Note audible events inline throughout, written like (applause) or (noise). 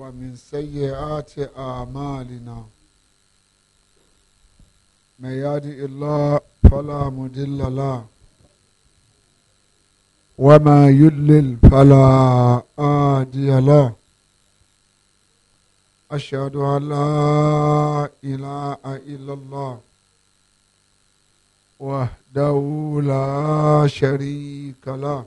ومن سيئات أعمالنا من يهدي الله فلا مضل له وما يضلل فلا هادي له أشهد أن لا إله إلا الله وحده لا شريك له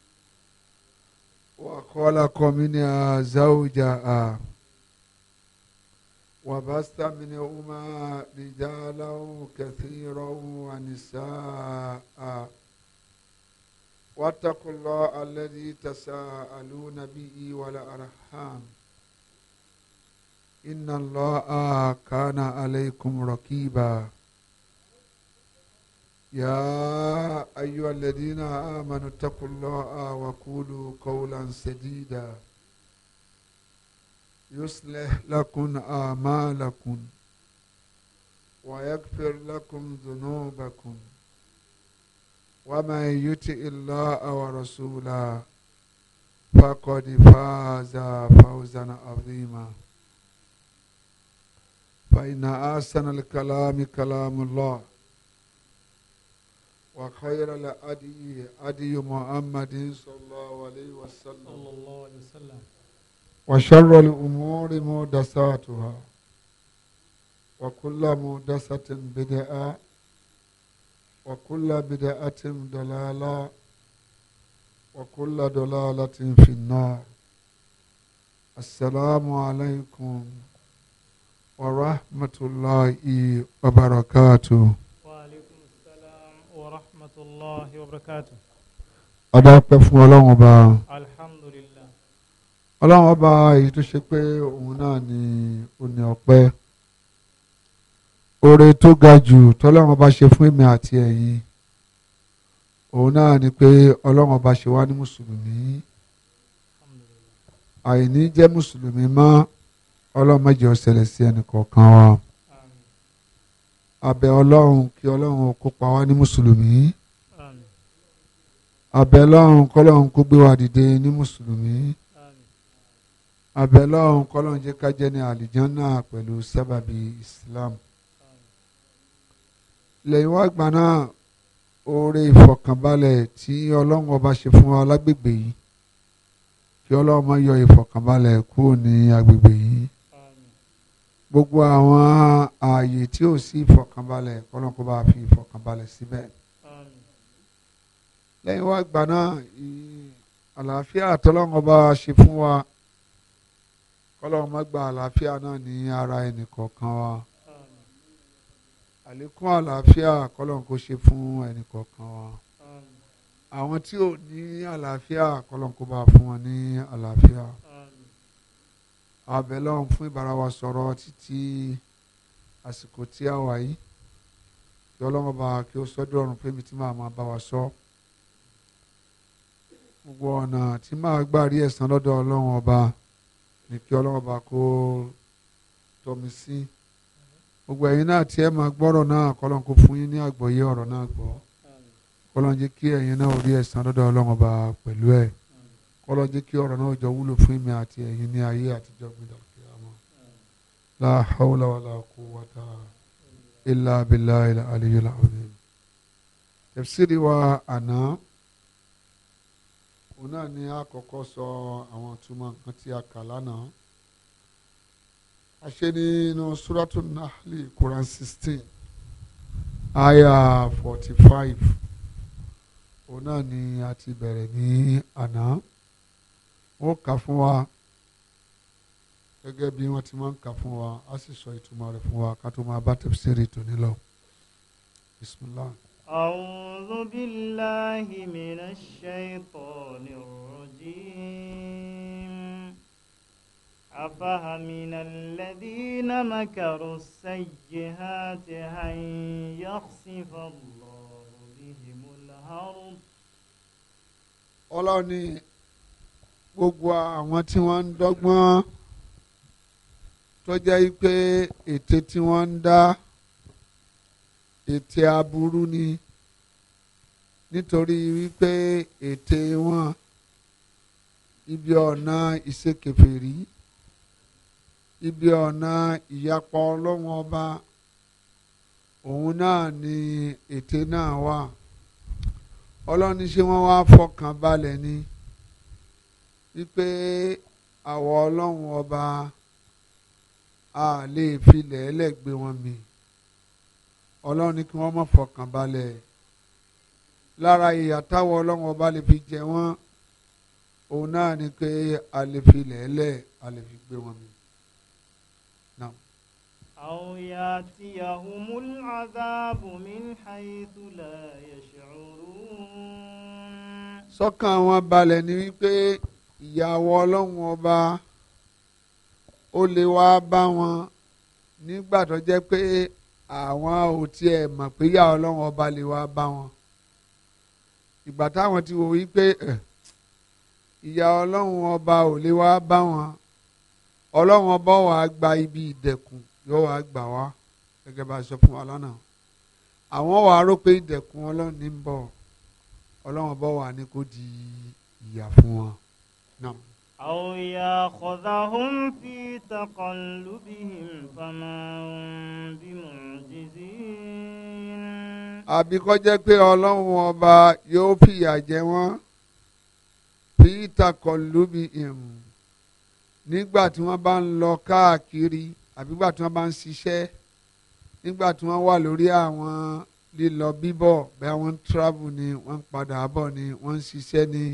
وخلق منها زوجها وبث منهما رجالا كثيرا ونساء واتقوا الله الذي تساءلون به والأرحام إن الله كان عليكم رقيبا يا أيها الذين آمنوا اتقوا الله وقولوا قولا سديدا يصلح لكم آمالكم ويغفر لكم ذنوبكم ومن يطع الله ورسوله فقد فاز فوزا عظيما فإن أحسن الكلام كلام الله وخير الأدي أدي محمد صلى الله عليه وسلم وشر الأمور مودساتها وكل مودسة بدعة وكل بدعة ضلالة وكل ضلالة في النار السلام عليكم ورحمة الله وبركاته الله وبركاته adápẹ́ fún ọlọ́run ọba alhamdulillah ọlọ́run ọba èyí tó ṣe pé òun náà ni òní ọpẹ́ oore tó ga jù tọ́lọ́run ọba ṣe fún èmi àti ẹ̀yin òun náà ni pé ọlọ́run ọba ṣe wá ní mùsùlùmí àìní jẹ́ mùsùlùmí mọ́ ọlọ́run má jẹ́ sí ẹnì wa abẹ ọlọ́run kí ọlọ́run kó wá ní mùsùlùmí abẹ́lọ́run kọ́lọ́run kó gbé wa dìde ní mùsùlùmí abẹ́lọ́run kọ́lọ́run jẹ́ ká jẹ́ ní àlìjánná pẹ̀lú sábàbí islam lẹ́yìn wá gbà náà oore ìfọ̀kànbalẹ̀ tí ọlọ́run ọba ṣe fún wa lágbègbè yìí kí ọlọ́run máa yọ ìfọ̀kànbalẹ̀ kúrò ní agbègbè yìí gbogbo àwọn ààyè tí ò sí ìfọ̀kànbalẹ̀ kọ́lọ́run kó bá fi ìfọ̀kànbalẹ̀ síbẹ̀. Si lẹ́yìn wá gbà náà àlàáfíà àtọ́lọ́ngọba ṣe fún wa kọ́lọ́run má gba àlàáfíà náà ní ara ẹnì kọ̀ọ̀kan wa àlékún àlàáfíà kọ́lọ́run kó ṣe fún ẹnì kọ̀ọ̀kan wa àwọn tí ò ní àlàáfíà kọ́lọ́run kó bá fún wọn ní àlàáfíà abẹ́lọ́run fún ìbára wa sọ̀rọ̀ títí àsìkò tí a wà yìí kí kí ó sọ́dọ̀ ọ̀run pé mi ti máa máa bá wa sọ gbogbo ọ̀nà tí màá gbà rí ẹ̀san lọ́dọ̀ ọlọ́run ọba ní kí ọlọ́run ọba kó tọ́ mi sí gbogbo ẹ̀yin náà tí ẹ máa gbọ́rọ̀ náà kọ́lọ́n kó fún yín ní àgbọ́yé ọ̀rọ̀ náà gbọ́ kọ́lọ́n jẹ́ kí ẹ̀yin náà rí ẹ̀san lọ́dọ̀ ọlọ́run ọba pẹ̀lú ẹ̀ kọ́lọ́n jẹ́ kí ọ̀rọ̀ náà jọ wúlò fún mi àti ẹ̀yin ní ayé àtijọ́ gbìdọ̀ kí a òun náà ni a kọ́kọ́ sọ àwọn túmọ̀ nǹkan tí a kà lánàá a ṣe nínú suratu nahli quran sixteen aya forty five òun náà ni a ti bẹ̀rẹ̀ ní àná ó kà fún wa gẹ́gẹ́ bí wọ́n ti máa ń kà fún wa a sì sọ ìtumọ̀ rẹ̀ fún wa ká tó máa bá tẹ̀síìrì tòní lọ bisimilahi. أعوذ بالله من الشيطان الرجيم أفهمن الذين مكروا السيئات أن يخسف الله بهم الأرض ọlọ́ni gbogbo àwọn tí wọ́n ń dọ́gbọ́n tó jẹ́ pé ète tí wọ́n ń dá ète aburú ni nítorí wípé ète wọn ibi ọ̀nà ìṣekèfèrí ibi ọ̀nà ìyapa ọlọ́run ọba òun náà ni ète náà wà ọlọ́run ní ṣé wọ́n wá fọkàn balẹ̀ ni wípé àwọn ọlọ́run ọba a lè filẹ̀ ẹlẹ́gbẹ́ wọn mìíràn ọlọ́run ní kí wọ́n má fọkàn balẹ̀ lára ìyà táwọn ọlọ́run ọba lè fi jẹ wọ́n òun náà ni pé a lè fi lẹ́lẹ̀ a lè fi gbé wọn mi. أو يأتيهم العذاب من حيث لا يشعرون. sọ́kàn wọn balẹ̀ يا ولون وبا أولي وابا ó lè àwọn ò tiẹ̀ mọ̀ pé yà ọlọ́run ọba lè wá bá wọn ìgbà táwọn ti wò wípé ìyà ọlọ́run ọba ò lè wá bá wọn ọlọ́run ọba wà á gba ibi ìdẹ̀kùn yóò wá gbà wá gẹ́gẹ́ bá a sọ fún wa lánàá àwọn wà á rò pé ìdẹ̀kùn ọlọ́run ní ń bọ̀ ọlọ́run ọba wà á ní kó di ìyà fún wọn أو يأخذهم في تقلبهم فما هم بمعجزين àbí kó jẹ́ pé وبا ọba yóò fìyà في تقلبهم. fi taqallubihim nígbà tí wọ́n bá ń lọ káàkiri àbí nígbà tí wọ́n bá ń ṣiṣẹ́ nígbà tí wọ́n wà lórí àwọn lílọ bíbọ̀ bí wọ́n ń travel ni wọ́n ń padà bọ̀ ni wọ́n ń ṣiṣẹ́ ni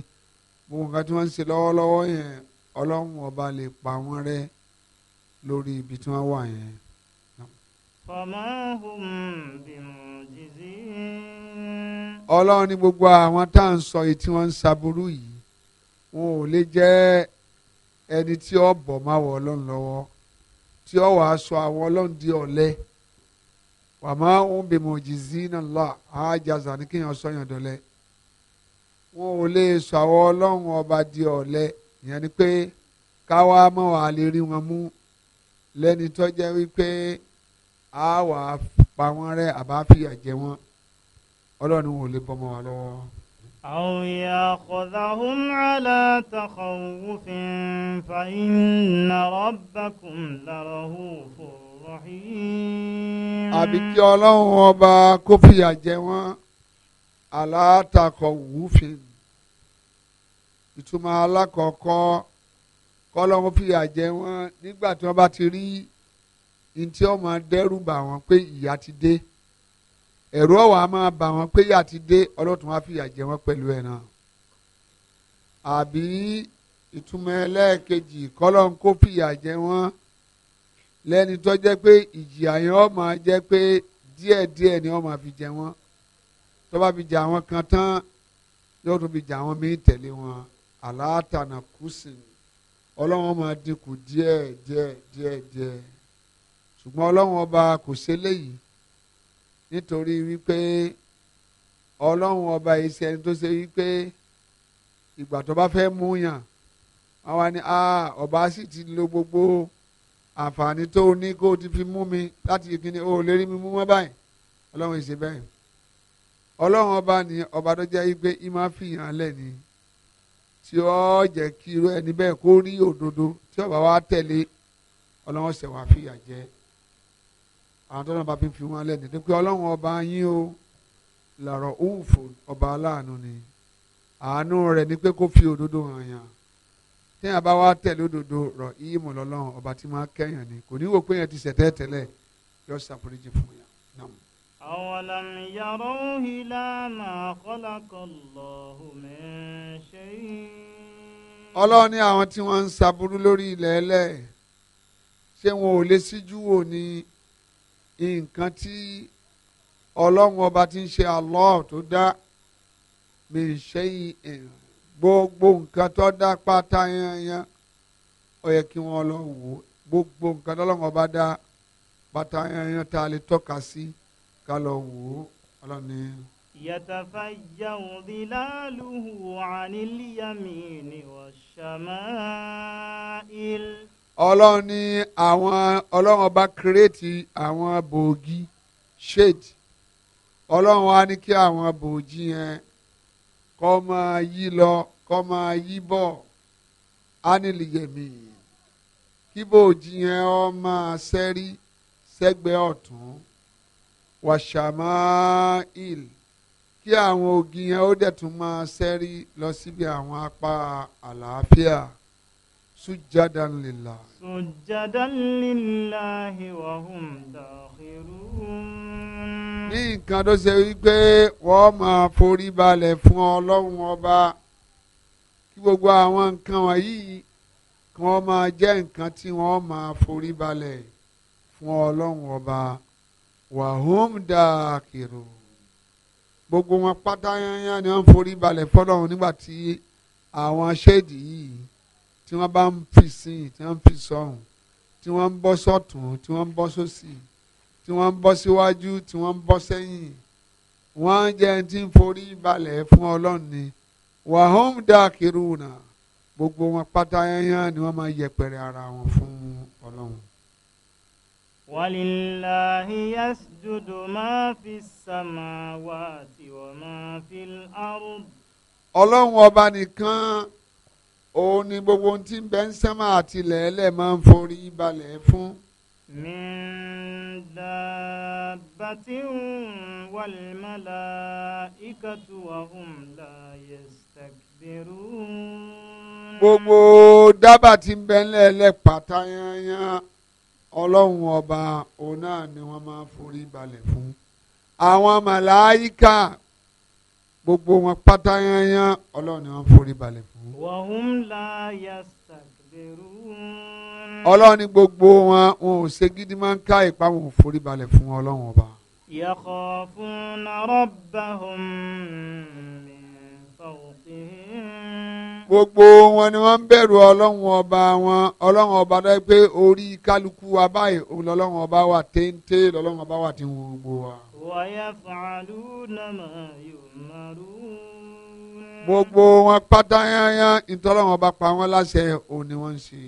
gbogbo nǹkan tí wọ́n ń ṣe lọ́wọ́lọ́wọ́ yẹn ọlọ́run ọba lè pa wọ́n rẹ́ lórí ibi tí wọ́n wà yẹn. ọlọ́run ní gbogbo àwọn tá à ń sọ yìí tí wọ́n ń ṣaburú yìí wọn ò lè jẹ́ ẹni tí ó bọ̀ má wọ ọlọ́run lọ́wọ́ tí ó wàá sọ àwọn ọlọ́run di ọ̀lẹ wàmọ́ òun bímọ jìzí lọ àájà zàní kéèyàn dọ̀lẹ́ wọn ò lè sọ àwọn ọlọ́run ọba di ọ̀lẹ ìyẹn ni pé káwa mọ̀ wá lè rí wọn mú lẹ́ni tó jẹ́ wípé a wà pa wọ́n rẹ́ àbá fìyà jẹ wọ́n ọlọ́run ò lè bọ́mọ wa lọ́wọ́. أو يأخذهم على تخوف فإن ربكم لرؤوف رحيم. àbí kí ọlọ́run ọba kó fìyà jẹ ìtumọ̀ alákọ̀ọ́kọ́ kọ́lọ́hún fìyà jẹ wọ́n nígbà tí wọ́n bá ti rí ní tí wọ́n máa dẹ́rù bà wọ́n pé ìyà ti dé ẹ̀rù ọ̀wà máa bà wọ́n pé ìyà ti dé ọlọ́tún wá fìyà jẹ wọ́n pẹ̀lú ẹ̀ náà àbí ìtumọ̀ ẹlẹ́ẹ̀kejì kọ́lọ́hún kó fìyà jẹ wọ́n lẹ́ni tó jẹ́ pé ìjìyà yẹn ó máa jẹ́ pé díẹ̀díẹ̀ ni ó máa fi jẹ wọ́n tó bá fi jà wọ́n kan tán yóò tún fi jà wọ́n mí tẹ̀lé wọn àlàátànà kùsìn ọlọ́run máa dínkù díẹ̀ díẹ̀ díẹ̀ díẹ̀ ṣùgbọ́n ọlọ́run ọba kò ṣe léyìí nítorí wípé ọlọ́run ọba iṣẹ́ ẹni tó ṣe wípé ìgbà tó bá fẹ́ mú yàn àwa ni ọba sì ti lo gbogbo àǹfààní tó o ní kó o ti fi mú mi láti ìpínlẹ̀ o lè rí mi mú mọ́ báyìí ọlọ́run ìṣe bẹ́ẹ̀ ọlọ́run ọba ni ọba tó jẹ́ wípé ìmáfìyàn lẹ́ni tí ó jẹ́ kí irú ẹni bẹ́ẹ̀ kó rí òdodo tí ọba wa tẹ̀lé ọlọ́run ṣẹ̀ wá fìyà jẹ àwọn tó náà bá fi fi wọn lẹ́nu tó pé ọlọ́run ọba yín o lọ̀rọ̀ òwúfò ọba aláàánú ni àánú rẹ̀ ni pé kó fi òdodo hàn yàn téèyàn bá wá tẹ̀lé òdodo rọ̀ ìyímọ̀ lọ́lọ́run ọba tí máa kẹ́yàn ni kò ní wò pé yẹn ti ṣẹ̀tẹ́ tẹ́lẹ̀ yọ ṣàforíjì fún yàn náà. أولم يروا إلى ما خلق الله من شيء ọlọ́run ní àwọn tí wọ́n ń ṣaburú lórí ilẹ̀ ẹlẹ́ ṣé wọn ò lè síjú wò ní nǹkan tí ọlọ́run ọba ti ń ṣe Allah tó dá min shay'in gbogbo nǹkan tó dá pátá yanyan ó yẹ kí wọ́n lọ wò gbogbo nǹkan tó ọlọ́run ọba dá pátá yanyan tá a lè tọ́ka sí. Si ká wò ó ọlọ́ni. يتفجر ظلاله عن اليمين والشمائل. ọlọ́run ní àwọn ọlọ́run ọba kírètì àwọn bòógì shade ọlọ́run wa ní kí àwọn bòójì yẹn kó máa yí lọ kó máa yí bọ̀ ánìlìyẹ̀mí kí bòójì yẹn ó máa ṣẹ́rí sẹ́gbẹ̀ẹ́ ọ̀tún wàṣàmáìl kí àwọn ògì yẹn ó dẹ̀ tún máa ṣẹ́rí lọ síbi àwọn apá àlàáfíà sùjádàn lìlà. sùjádàn lìlà ìwàhùn dàkírù. ní nǹkan tó ṣe wípé wọ́n máa forí balẹ̀ fún ọlọ́run ọba kí gbogbo àwọn nǹkan wọ̀nyí kí máa jẹ́ nǹkan tí wọ́n máa forí balẹ̀ fún ọlọ́run ọba wàhóm dàkìrò gbogbo wọn pátá yányá ni wọn forí balẹ̀ fọlọ́run nígbà tí àwọn ṣéèdì yìí tí wọ́n bá ń fi sìn tí wọ́n ń fi sọ̀hún tí wọ́n ń bọ́ sọ́tún tí wọ́n ń bọ́ sósì tí wọ́n ń bọ́ síwájú tí wọ́n ń bọ́ sẹ́yìn wọ́n jẹ́ ti ń forí balẹ̀ fún ọlọ́run ni wàhóm dàkìrò náà gbogbo wọn pátá yányá ni wọ́n máa yẹpẹrẹ ara wọn fún ọlọ́run. ولله يسجد ما في السماوات وما في الأرض ọlọ́run ọba nìkan òun ni gbogbo ohun tí ń bẹ ń sánmà àti lẹ́ẹ̀lẹ́ máa ń forí balẹ̀ fún. min dabbatin wal malaikatu wa hum la yastakbirun. gbogbo dábàá tí ń bẹ ń lẹ́ẹ̀lẹ́ pàtàyànyàn ọlọ́run ọba òun náà ni wọ́n máa forí balẹ̀ fún àwọn màláìka gbogbo wọn pátá yanyan ọlọ́run ni wọ́n forí balẹ̀ fún. wàhùn la yasagberu. ọlọ́run ni gbogbo wọn wọn ò ṣe gidi máa ń ká ìpá wọn ò forí balẹ̀ fún ọlọ́run ọba. yakhafuna rabbahum gbogbo wọn ni wọ́n ń bẹ̀rù ọlọ́run ọba wọn ọlọ́run ọba dá pé orí kálukú wa báyìí ọlọ́run ọba wà téńté lọ́lọ́run ọba wà tí ń wo gbogbo wa. wọ́yẹ fàálù nàmà yóò mọ̀rú. gbogbo wọn pátá yányán ìtọ́lọ́run ọba pa wọ́n láṣẹ òun ni wọ́n ń ṣe.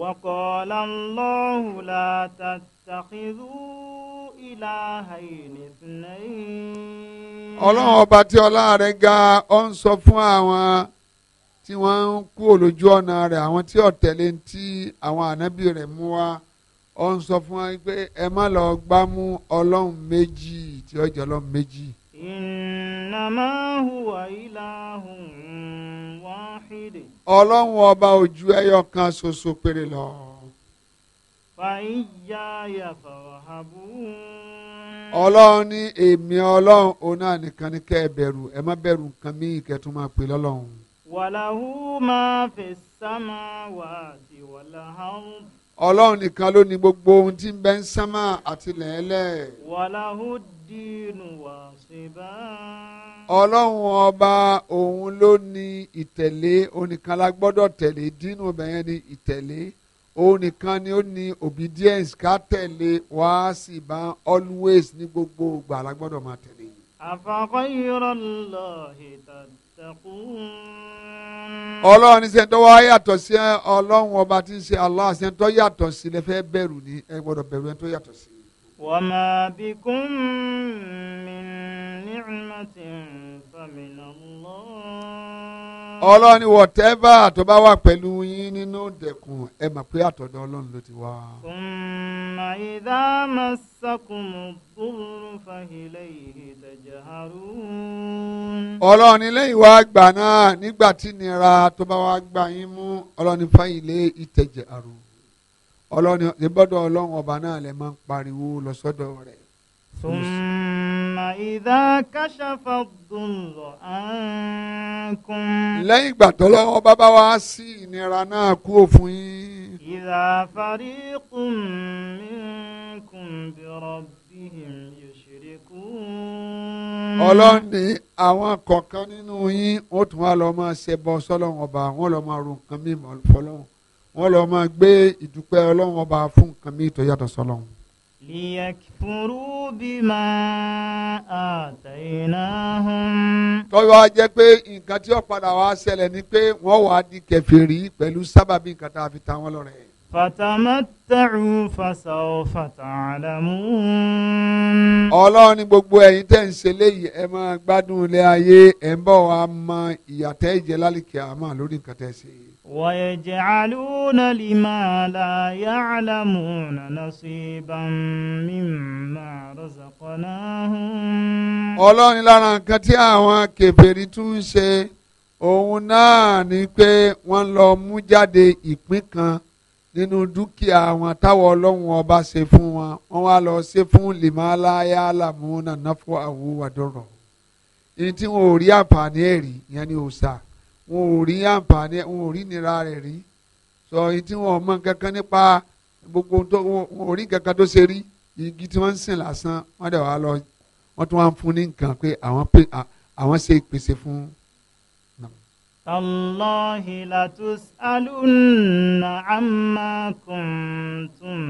وقال الله لا تتخذوا إلهين اثنين. ọlọ́run ọba tí ọlá rẹ̀ ga ó sọ fún àwọn tí wọ́n ń kú olójú ọ̀nà rẹ̀ àwọn tí ọ̀tẹ̀lé ń tí àwọn ànábì rẹ̀ mú wa ọ ń sọ fún wa pé ẹ má lọ gbámú ọlọ́run méjì tí ó jẹ́ ọlọ́run méjì. innama huwa ilahun wahide. ọlọ́run ọba ojú ẹyọ kan ṣoṣo péré lọ. fàáyà yàtọ̀ àbúrò. ọlọ́run ní èmi ọlọ́run òun náà nìkan ní kẹ́ ẹ bẹ̀rù ẹ má bẹ̀rù nǹkan míì kẹ́ tún máa pè lọ́lọ́run wàláhù máa fi sámà wà sí wàláhù. ọlọ́run nìkan ló ní gbogbo ohun tí ń bẹ ń sánmà àti lẹ́ẹ̀lẹ́. wàláhù dínú wà sí bá. ọlọ́run ọba òun ló ní ìtẹ̀lé onìkan la gbọ́dọ̀ tẹ̀lé dínú bẹ́ẹ̀ ni ìtẹ̀lé òun nìkan ni ó ní obedience ká tẹ̀lé wá sí bá always ní gbogbo ìgbà la gbọ́dọ̀ máa tẹ̀lé. àfàkọ́ yìí rọ̀ lọ́ọ́ ìtàkùn ọlọ́run ní sẹ́ńtọ́ wá yàtọ̀ sí ọlọ́run ọba tí ń ṣe Allah sẹ́ńtọ́ yàtọ̀ sí lẹ fẹ́ bẹ̀rù ni ẹ gbọ́dọ̀ bẹ̀rù ẹ̀ tó yàtọ̀ sí. wa ma bikum min ni'matin famin Allah. ọlọ́ni wọ̀tẹ́bà tó bá wà pẹ̀lú yín nínú dẹ̀kun ẹ mà pé àtọ̀dọ̀ ọlọ́run ló ti wá. ọ̀nà ìdá masakumu búrú fahilẹ̀ yìí àrùn. ọlọ́ni lẹ́yìn wá gbà náà nígbà tí nira tó bá wá gbà yín mú ọlọ́ni fahilẹ̀ ìtẹ̀jẹ̀ àrùn ọlọ́ni ìbọ́dọ̀ ọlọ́run ọba náà lè máa ń pariwo lọ rẹ̀. وإذا كشف الضر عنكم. lẹ́yìn ìgbà tó lọ́wọ́ bàbá wa sí ìnira náà kú òfin yín. إذا فريق منكم بربهم يشركون. ọlọ́run ní àwọn kọ̀ọ̀kan nínú yín ó tún wá lọ́ọ́ máa ṣe bọ́ sọ́lọ́run ọba wọn lọ́ọ́ máa ro nǹkan mímọ́ fọlọ́run wọn lọ́ọ́ máa gbé ìdúpẹ́ ọlọ́run ọba fún nǹkan míì tó yàtọ̀ sọ́lọ́run liyakfuru bima atainahum. tọ́wọ́ a jẹ́ pé nǹkan tí ó padà wá ṣẹlẹ̀ ni pé wọ́n wà á di kèfèrí pẹ̀lú sábàbí nǹkan tá a fi ta wọ́n lọ́rẹ. fatamatta'u fasawfa ta'lamun. ọlọ́run ni gbogbo ẹ̀yin tẹ́ ń ṣe léyìí ẹ máa gbádùn ilé ayé ẹ̀ ń bọ̀ wá mọ ìyàtẹ́ ìjẹ́ lálẹ́ kí a máa lórí nǹkan tẹ́ ṣe ويجعلون لما لا يعلمون نصيبا مما رزقناهم. ọlọ́run lára nǹkan tí àwọn kèfèrí tún ń ṣe òun náà ni pé wọ́n lọ mú jáde ìpín kan nínú dúkìá wọn táwọn ọlọ́run ọba ṣe fún wọn wọ́n wá lọ ṣe fún lèmọ́láyà làmúnà náfọ̀ àwòwàdọ̀rọ̀ èyí tí wọn ò rí àǹfààní ẹ̀rí yẹn ni ò sáà wọn ò rí àǹfààní wọn ò rí nira rẹ̀ rí sọ èyí tí wọn mọ kankan nípa gbogbo tó wọn ò rí kankan tó ṣe rí igi tí wọ́n ń sìn lásán wọ́n dẹ̀ wá lọ wọ́n tún wá ń fún ní nǹkan pé àwọn ṣe ìpèsè fún un. تالله لتسألن عما كنتم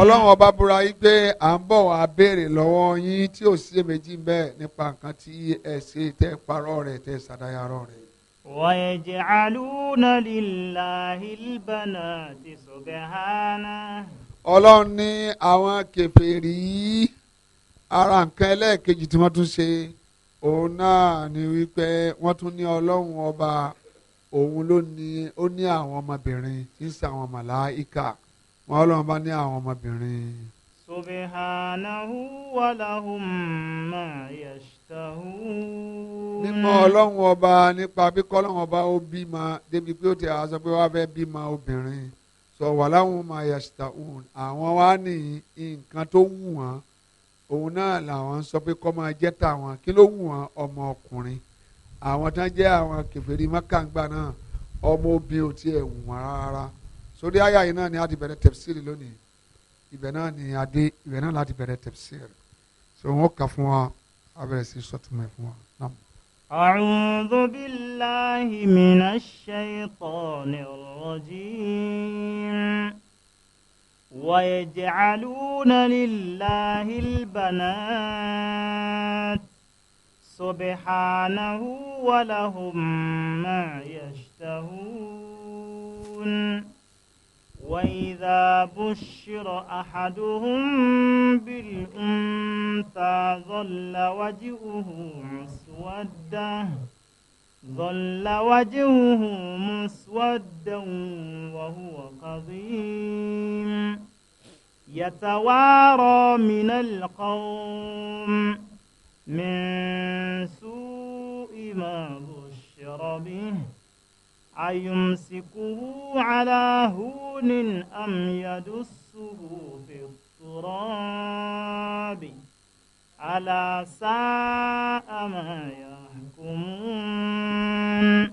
ọlọ́run ọba búra yìí pé à ń bọ̀ wá béèrè lọ́wọ́ yín tí ò sí èméjì bẹ́ẹ̀ nípa nǹkan tí ẹ ṣe tẹ́ parọ́ rẹ̀ tẹ́ ṣàdáyàrọ́ rẹ̀. wàyẹ̀jẹ̀alúna lílàhí bánà ti sọ̀gẹ̀hánà. ọlọ́run ní àwọn kèfèrí ara nǹkan ẹlẹ́ẹ̀kejì tí wọ́n tún ṣe òun náà ni wípé wọ́n tún ní ọlọ́run ọba òun ló ní ó ní àwọn ọmọbìnrin tí ń ṣe màláìka wọn ọlọ́run bá ní àwọn ọmọbìnrin. subhanahu wa ma yashtahun. mímọ́ ọlọ́run ọba nípa bí kọ́lọ́run ọba ó bímọ débi pé ó ti àṣọ pé wọ́n á fẹ́ bímọ obìnrin sọ wà láwọn ma yashtahun àwọn wá ní nǹkan tó wù wọ́n òun náà làwọn sọ pé kọ́ máa jẹ́ tàwọn kí ló wù wọ́n ọmọ ọkùnrin àwọn tán jẹ́ àwọn kèfèrí mọ́kàngbà náà ọmọ obìnrin ò tiẹ̀ wù wọ́n rárá sórí àyà yìí náà ni a ti bẹ̀rẹ̀ tẹ̀síìrì lónìí ibẹ̀ náà ni a dé ibẹ̀ náà láti bẹ̀rẹ̀ tẹ̀síìrì so wọn kà fún wa a bẹ̀rẹ̀ sí sọ́túnmọ̀ fún wa náà. أعوذ بالله من الشيطان الرجيم ويجعلون لله البنات سبحانه ولهم ما يشتهون وإذا بشر أحدهم بالأنثى ظل وجهه مسودا ظل وجهه مسودا وهو قضيم يتوارى من القوم من سوء ما بشر به أيمسكه على هون أم يدسه في التراب ألا ساء ما يحكمون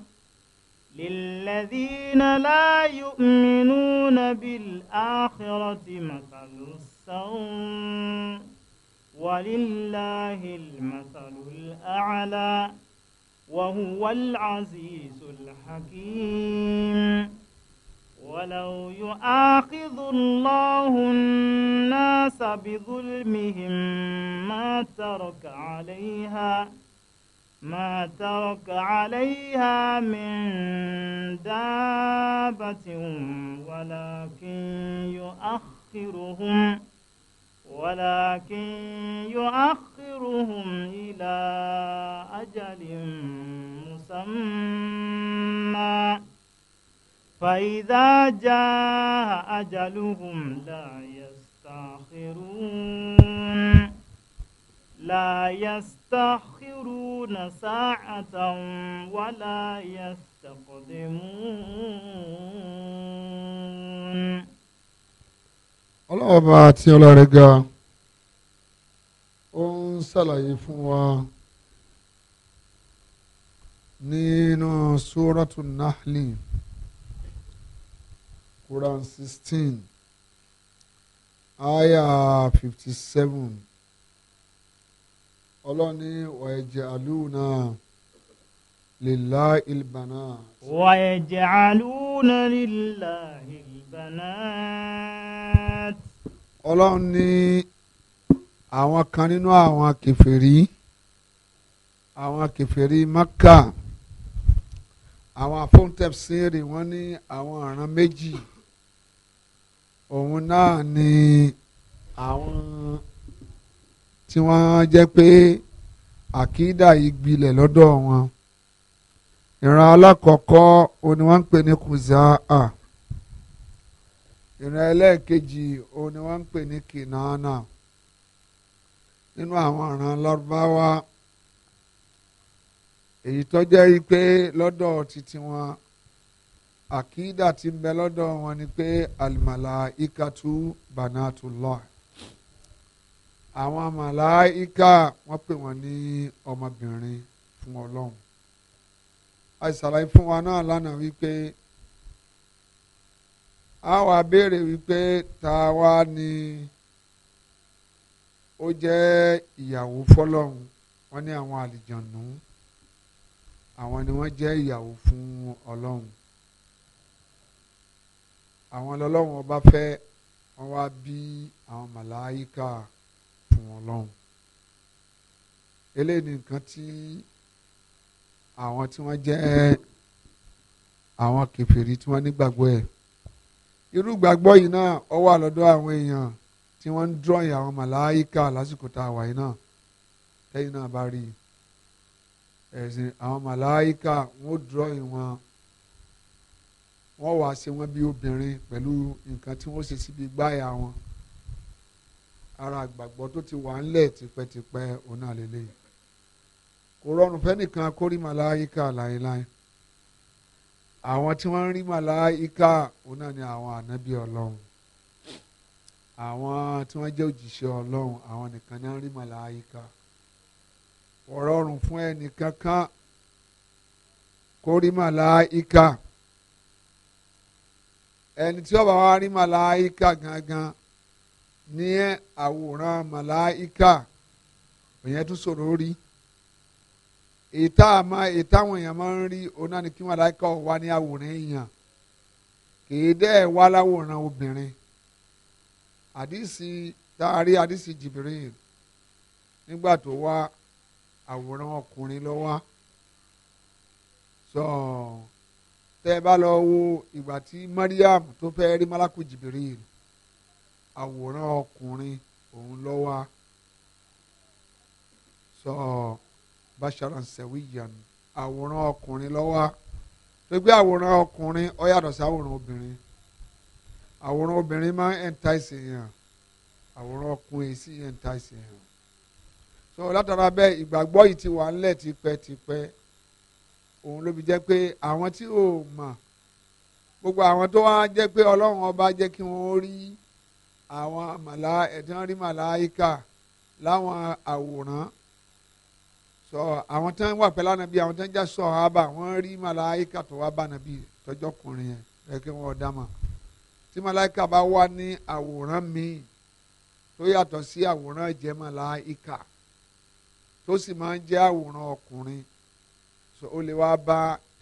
للذين لا يؤمنون بالآخرة مثل السوء ولله المثل الأعلى وهو العزيز الحكيم ولو يؤاخذ الله الناس بظلمهم ما ترك عليها ما ترك عليها من دابة ولكن يؤخرهم ولكن يؤخرهم إلى أجل مسمى فإذا جاء أجلهم لا يستأخرون لا يستأخرون ساعة ولا يستقدمون ọlọ́wọ́n bá ti ọlọ́rẹ̀ ga ó ń ṣàlàyé fún wa nínú sóràtún nahli quran sixteen aya fifty seven ọlọ́ni wàjẹ́ àlùna lìlá ìlbànà. wàjẹ́ àlùna lìlá ìlbànà ọlọ́run ní àwọn kan nínú àwọn kèfèrí àwọn kèfèrí Maka àwọn afóńtẹ̀síìrì wọ́n ní àwọn ọ̀ràn méjì òun náà ni àwọn tí wọ́n jẹ́ pé àkídà yìí gbilẹ̀ lọ́dọ̀ wọn ìran alákọ̀ọ́kọ́ òní wọ́n ń pè ní kùzà á ìran ẹlẹ́ẹ̀kejì òun ni wọ́n ń pè ní kìnàánà nínú àwọn ìran lọ́rùbáwá èyí tó jẹ́ pé lọ́dọ̀ títí wọn àkídà ti ń bẹ lọ́dọ̀ wọn ni pé àlùmàlà ikatu banatullah àwọn màláìka wọ́n pè wọ́n ní ọmọbìnrin fún ọlọ́run àìsàlàyé fún wa náà lánàá wípé a wá béèrè wípé ta wá ni ó jẹ́ ìyàwó fọlọ́run wọ́n ní àwọn àlìjànú àwọn ni wọ́n jẹ́ ìyàwó fún ọlọ́run àwọn lọ́lọ́run ọba fẹ́ wọ́n wá bí àwọn màláyíkà fún ọlọ́run eléyìí ni tí àwọn tí wọ́n jẹ́ àwọn kèfèrí tí wọ́n nígbàgbọ́ ẹ̀ irú gbàgbọ́ yìí náà ó wà lọ́dọ̀ àwọn èèyàn tí wọ́n ń dọ́yìn àwọn màláìka lásìkò tá a wà yìí náà lẹ́yìn náà bá rí ẹ̀sìn àwọn màláìka wọ́n dọ́yìn wọn wọ́n wàá ṣe wọ́n bí obìnrin pẹ̀lú nǹkan tí wọ́n ṣe síbi gbáyà wọn ara gbàgbọ́ tó ti wà ńlẹ̀ tipẹ́tipẹ́ òun náà lélẹ́yìn kò rọrùn fẹ́nìkan kórìí màláìka láéláé àwọn tí wọ́n ń rí màláìka òun náà ni àwọn ànábì ọlọ́run àwọn tí wọ́n jẹ́ òjìṣẹ́ ọlọ́run àwọn nìkan ni wọ́n rí màláìka ọ̀rọ̀ ọ̀rùn fún ẹnìkankan kó rí màláìka ẹni tí ó bá rí màláìka gangan ní àwòrán màláìka òyìn tún sọ̀rọ̀ rí. ìta àmà ìta èèyàn máa ń rí oná ni kí wọ́n màláìka wà ní àwòrán èèyàn kìí dẹ́ ẹ̀ wá láwòrán obìnrin àdìsí tá a rí àdìsí Jibril nígbà tó wá àwòrán ọkùnrin ló wá sọ tẹ́ ẹ bá lọ wo ìgbà tí Mariam tó fẹ́ rí malaku Jibril àwòrán ọkùnrin òun ló wá sọ. So, basharan sawiyan àwòrán ọkùnrin ló wà gbégbé àwòrán ọkùnrin ó yàtọ̀ sí àwòrán obìnrin àwòrán obìnrin máa ń entice yàn àwòrán ọkùnrin sì ń entice yàn so látara bẹ́ẹ̀ ìgbàgbọ́ yìí ti wà ńlẹ̀ tipẹ́tipẹ́ òun ló fi jẹ́ pé àwọn tí ò mọ̀ gbogbo àwọn tó wá jẹ́ pé ọlọ́run ọba jẹ́ kí wọ́n rí àwọn màlá rí màláíkà láwọn àwòrán sọ àwọn tán wà pẹ̀lú ànábì àwọn tán já sọ àbá wọ́n rí màláìka tó wá bá ànábì tọjọ́kùnrin yẹn ẹ̀kẹ́ wọn ọ̀dà mà tí màláìka bá wà ní àwòrán míì tó yàtọ̀ sí àwòrán ẹ̀jẹ̀ màláìka tó sì máa ń jẹ́ àwòrán ọkùnrin so ó lè wá bá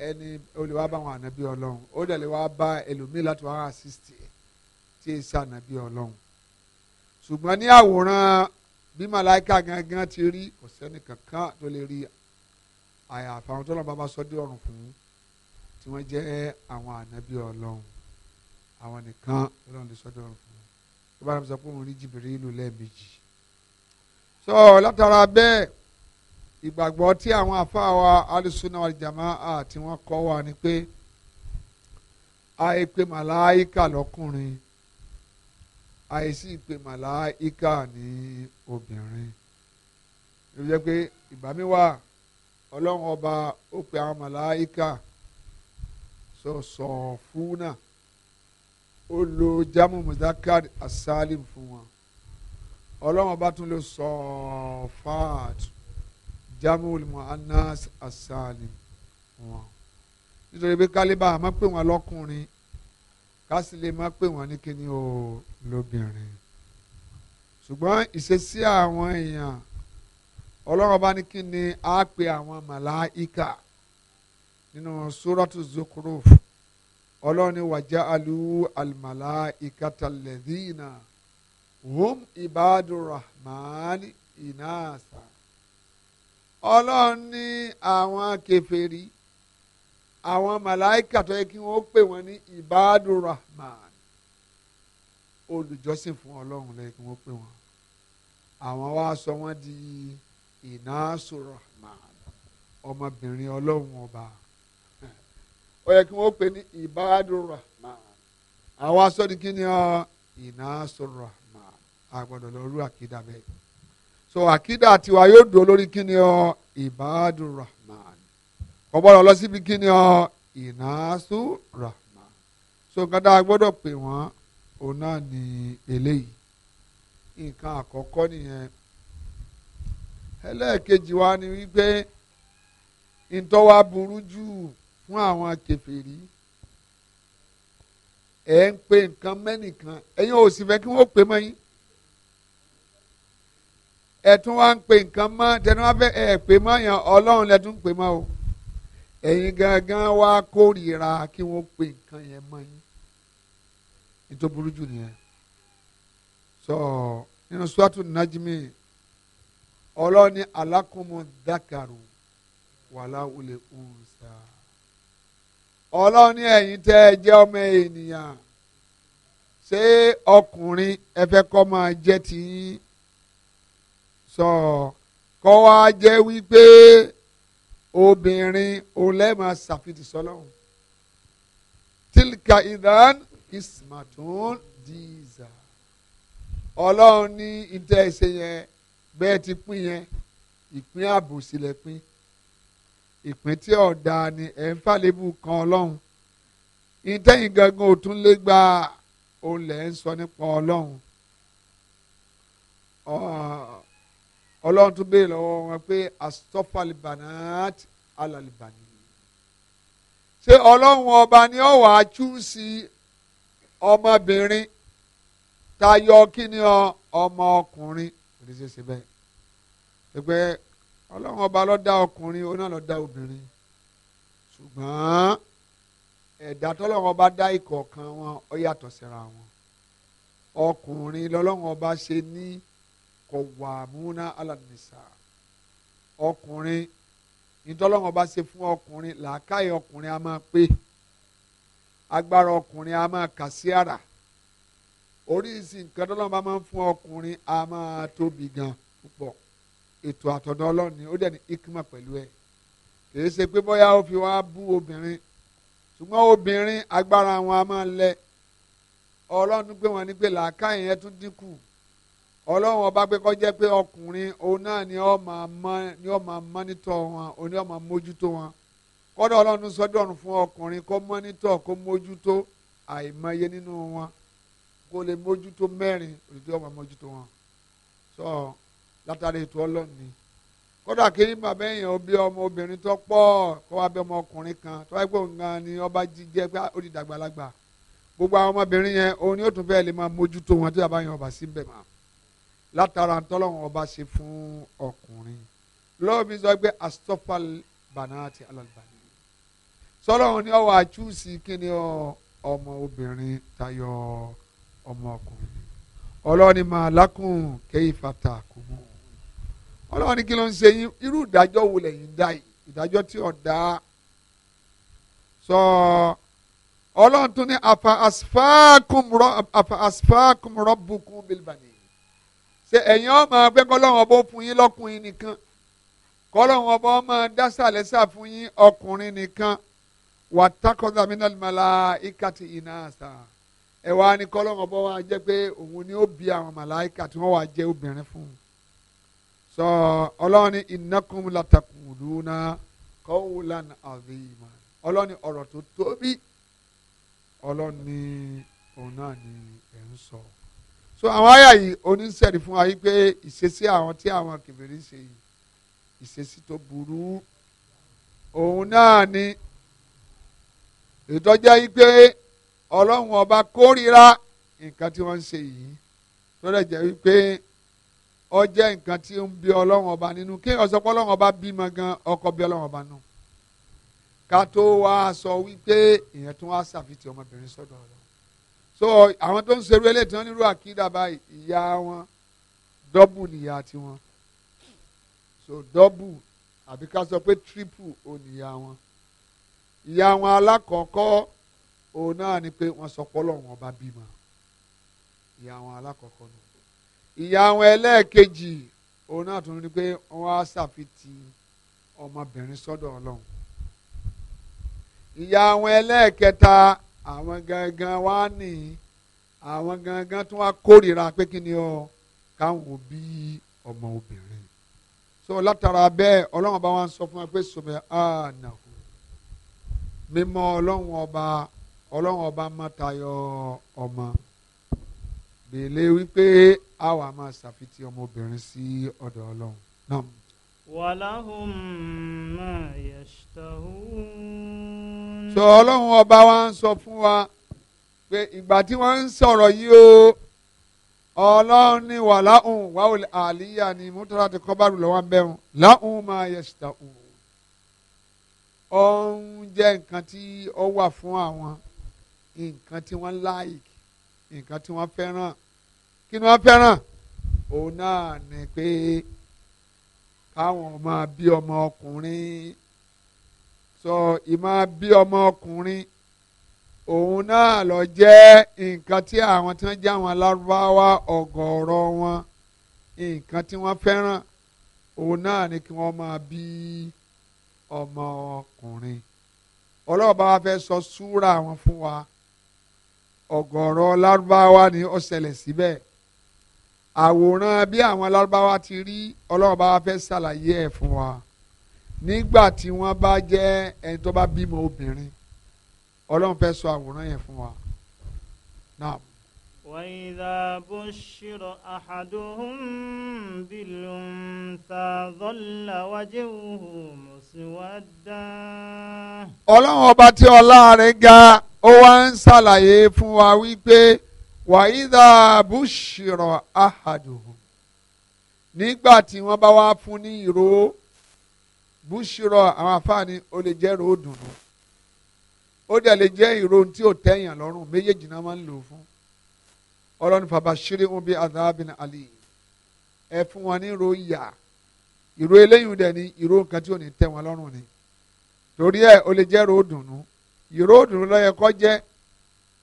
ẹni ó lè wá bá àwọn ànábì ọlọ́run ó dẹ̀ lè wá bá ẹlòmíì láti wá assist tí èsì ànábì ọlọ́run ṣùgbọ́n ní àwòrán bí màláìka gangan ti rí kò sẹ́ni kankan tó lè rí àyàfà àwọn tọ́lọ́ bàbá sọ dé ọ̀run fún tí wọ́n jẹ́ àwọn ànábì ọlọ́run àwọn nìkan ọlọ́run lè sọ dé ọ̀run fún tó bá sọ pé òun rí Jìbìrìlù lẹ́ẹ̀mejì sọ látara bẹ́ẹ̀ ìgbàgbọ́ tí àwọn afáwa alùsùnà àjàmáà tí wọ́n kọ́ wa ni pé àìpé màláìka lọ́kùnrin àìsí ìpè màláìka ní obìnrin ló jẹ́ pé ìgbà mi wà ọlọ́run ọba ó pe àwọn màláìka sọ sọ fún náà ó lo jamu muzakar asalim fún wọn ọlọ́run ọba tún lo sọ fat jamu muannas asalim wọn nítorí pé kálíbà àmọ́ pé wọn lọ́kùnrin ká sì lè má pè wọ́n ní kíní o lóbìnrin ṣùgbọ́n ìṣesí àwọn èèyàn ọlọ́run bá ní kíni á pe àwọn màláìka nínú suratu Zukhruf ọlọ́run ní waja'alu al-malaikata alladhina hum ibadur rahmani inasa ọlọ́run ní àwọn kèfèrí àwọn màláìkà tó yẹ kí wọ́n pè wọ́n ní ibadurahman olùjọ́sìn fún ọlọ́run lẹ́yìn kí wọ́n pè wọ́n àwọn wá sọ wọ́n di inasurahman ọmọbìnrin ọlọ́run ọba ó yẹ kí wọ́n pè ní ibadurahman àwọn aṣọ ni kí ni ọ inasurahman àgbọ̀dọ̀ lọ rú àkídà bẹ́ẹ̀ so àkídà tiwa yóò dúró lórí kí ni ọ ibadurahman kò gbọ́dọ̀ lọ síbi kí ọ ìnáṣú ràmà so nǹkan tá a gbọ́dọ̀ pè wọ́n òun náà ni eléyìí nǹkan àkọ́kọ́ nìyẹn ẹlẹ́ẹ̀kejì wa ni wípé ntọ́wá burú jù fún àwọn kèfèrí ẹ̀ ń pe nǹkan mẹ́nìkan ẹ̀yin ò sì fẹ́ kí wọ́n pè mọ́ yín ẹ̀ tún wá ń pe nǹkan mọ́ tẹnu wá fẹ́ ẹ̀ pè mọ́ yẹn ọlọ́run lẹ́tún pè mọ́ o ẹ̀yin gangan wá kórìíra kí wọ́n pe nǹkan yẹn mọ́ yín nítorí burú jù nìyẹn sọ nínú suwatu najimi ọlọ́ni alákùnmọ́ dákàrú wàhálà olè ọ̀nsá ọlọ́ni ẹ̀yin tẹ́ ẹ jẹ́ ọmọ ènìyàn ṣé ọkùnrin ẹ kọ́ máa jẹ́ tiyín sọ kọ́ wá jẹ́ wípé. So, obìnrin olẹ́mọ̀ ṣàfihàn sọlọ́hún tilka idan ismatun diza ọlọ́run ní ìtẹ́ ẹsẹ̀ yẹn bẹ́ẹ̀ ti pín yẹn ìpín àbòsí lẹ pín ìpín tí ọ̀dà ni ẹ̀ ń fàlébù kan ọlọ́run ìtẹ́yìn gangan òtún olè ń sọ nípa ọlọ́run ọlọ́run tún béèrè lọ́wọ́ wọn pé asọ́fàlìbànàt alàlìbànì ṣé ọlọ́run ọba ni ó wàá chúùsì ọmọbìnrin tayọ kí ni ọmọ ọkùnrin kò ní ṣe ṣe bẹ́ẹ̀ ẹgbẹ́ ọlọ́run ọba ló dá ọkùnrin ó náà ló dá obìnrin ṣùgbọ́n ẹ̀dá tọ́lọ́run ọba dá ìkọ̀ọ̀kan wọn ó yàtọ̀ síra wọn ọkùnrin lọ́lọ́run ọba ṣe ní kọ̀wàmúná alànìsà ọkùnrin ìtọ́lọ́wọ́n bá ṣe fún ọkùnrin làákàyè ọkùnrin a máa pé agbára ọkùnrin a máa kà sí àrà oríṣi nǹkan tọ́lọ́wọ́n bá máa ń fún ọkùnrin a máa tóbi gan púpọ̀ ètò àtọ̀dọ̀ ọlọ́run ni ó dẹ̀ ní ikima pẹ̀lú ẹ̀ kìí ṣe pé bóyá ó fi wá bú obìnrin ṣùgbọ́n obìnrin agbára wọn a máa lẹ ọlọ́run gbé wọn ní pé làákàyè yẹn tún dínkù ọlọ́run ọba pé kó jẹ́ pé ọkùnrin òun náà ni ó máa mọ́ ni ó máa mọ́nítọ̀ wọn òun ni ó máa mójútó wọn kọ́dọ̀ ọlọ́run sọ́dọ̀rùn fún ọkùnrin kó mọ́nítọ̀ kó mójútó àìmọye nínú wọn kó lè mójútó mẹ́rin olùdó ó máa mójútó wọn sọ látàrí ètò ọlọ́run ni kọ́dọ̀ àkíní bàbá èèyàn ó bí ọmọ obìnrin tó pọ̀ kó wá bí ọmọ ọkùnrin kan tó wáyé pé òun gan ni ọba jíjẹ́ pé ah, ó di dàgbàlagbà gbogbo àwọn ọmọbìnrin yẹn òun ni ó tún fẹ́ lè máa mójútó wọn tí bàbá yẹn ọba sí bẹ̀ máa látara tọ́lọ́wọ́n ọba ṣe fún ọkùnrin lọ́wọ́ mi sọ pé astopal banati alalbani sọlọ́wọ́n ni ọwọ́ àtúnṣe kíni ọmọ obìnrin tayọ ọmọ ọkùnrin ọlọ́ọ̀ni máa lákùn kẹ́yìfà ta kò mú ọlọ́ọ̀ni kí ló ń ṣe yín irú ìdájọ́ wo lẹ́yìn dá yìí ìdájọ́ tí ò dá sọ ọlọ́ọ̀tún ní afa asfakum rabbukum bilbani ṣe ẹ̀yin ọmọ afẹ́ kọ́lọ́hún ọba ó fún yín lọ́kùnrin nìkan kọ́lọ́hún ọba ọmọ dásàlẹ́sà fún yín ọkùnrin nìkan wàtàkọ́sà mínà màláìka ti iná àṣà ẹ wá ní kọ́lọ́hún ọba wa jẹ́ pé òun ni ó bí àwọn màláìka tí wọ́n wá jẹ́ obìnrin fún un sọ ọlọ́run ní ìnákùn látàkùnlùnà kọ́wùlàn àdìmọ̀ ọlọ́run ní ọ̀rọ̀ tó tóbi ọlọ́run ní òun náà ní ẹ̀ ń sọ̀rọ̀ so àwọn àyà yìí oníṣẹ́rì fún wa yìí pé ìṣesí àwọn tí àwọn kèfèrí ṣe yìí ìṣesí tó burú òun náà ni ìtọ́jà yìí pé ọlọ́run ọba kórìíra nǹkan tí wọ́n ń ṣe yìí tó lè jẹ́ wípé ó jẹ́ nǹkan tí ń bí ọlọ́run ọba nínú kí ọ̀sọ́pọ̀ ọlọ́run ọba bímọ gan ọkọ bí ọlọ́run ọba nù ká tó wá sọ wípé ìyẹn tó wá ṣàfihàn ọmọbìnrin sọ́dọ̀ ọ̀la so àwọn tó ń serú eléyìí tí wọ́n nírú àkídà báyìí ìyá wọn dọ́bù nìyá tiwọn so dọ́bù àbí ká sọ pé tírípù ò nìyá wọn ìyá wọn alákọ̀ọ́kọ́ òun náà ni pé wọ́n sọ pé Ọlọ́run ọba bímọ ìyá wọn alákọ̀ọ́kọ́ nù ìyá wọn ẹlẹ́ẹ̀kejì òun náà tún ní pé wọ́n á ṣàfitì ọmọbìnrin sọ́dọ̀ Ọlọ́run ìyá wọn ẹlẹ́ẹ̀kẹta àwọn gangan wá ní àwọn gangan tó wá kórìíra pé kí ni ọ káwọn òbí ọmọ obìnrin so látara bẹ́ẹ̀ ọlọ́run ọba wa ń sọ fún wa pé sọmọ ànàkù mímọ́ ọlọ́run ọba ọlọ́run ọba máa tayọ ọmọ bèlè wípé a wà máa ṣàfitì ọmọbìnrin sí ọ̀dọ̀ ọlọ́run náà. wàláhùn máa yẹ̀ ṣàhùn sọ ọlọ́run ọba wa ń sọ fún wa pé ìgbà tí wọ́n ń sọ̀rọ̀ yìí o ọlọ́run ní wà láhùn wàhùn àlìyà ni mútàlá ti kọ́bárù lọ́wọ́ bẹ́rùn láhùn máa yẹ ṣìtà hùn ọ̀hún jẹ́ nǹkan tí ó wà fún àwọn nǹkan tí wọ́n láìkì nǹkan tí wọ́n fẹ́ràn kí ni wọ́n fẹ́ràn òun náà ni pé káwọn máa bí ọmọ ọkùnrin sọ ìmọ̀ bí ọmọkùnrin òun náà lọ jẹ́ nǹkan tí àwọn tí wọ́n jẹ́ àwọn alárúbáwá ọ̀gọ̀ọ̀rọ̀ wọn nǹkan tí wọ́n fẹ́ràn òun náà ni kí wọ́n máa bí ọmọkùnrin ọlọ́ọ̀bá wa fẹ́ sọ súrà wọn fún wa ọ̀gọ̀ọ̀rọ̀ lárúbáwá ni ó ṣẹlẹ̀ síbẹ̀ àwòrán bí àwọn lárúbáwá ti rí ọlọ́ọ̀bá wa fẹ́ ṣàlàyé ẹ̀ fún wa nígbà tí wọ́n bá jẹ́ ẹni tó bá bímọ obìnrin ọlọ́run fẹ́ sọ àwòrán yẹn fún wa náà. وإذا بشر أحدهم بالأنثى ظل وجهه مسودا. ọlọ́run ọba tí ọlá rẹ̀ ga ó wá ń ṣàlàyé fún وإذا بشر أحدهم nígbà tí wọ́n bá wá búṣirọ àwọn afáàní ó lè jẹ́ ìró dùnú ó dẹ̀ lè jẹ́ ìró tí ò tẹ́yàn lọ́rùn méjèèjì náà máa ń lò fún ọlọ́ni bàbá ṣírí ń bí adábìn àlè ẹ fún wọn ní ìró ìyà ìró eléyìí dẹ̀ ni ìró nǹkan tí ò ní tẹ́ wọn lọ́rùn ni torí ẹ̀ ó lè jẹ́ ìró dùnú ìró dùnú ló yẹ jẹ́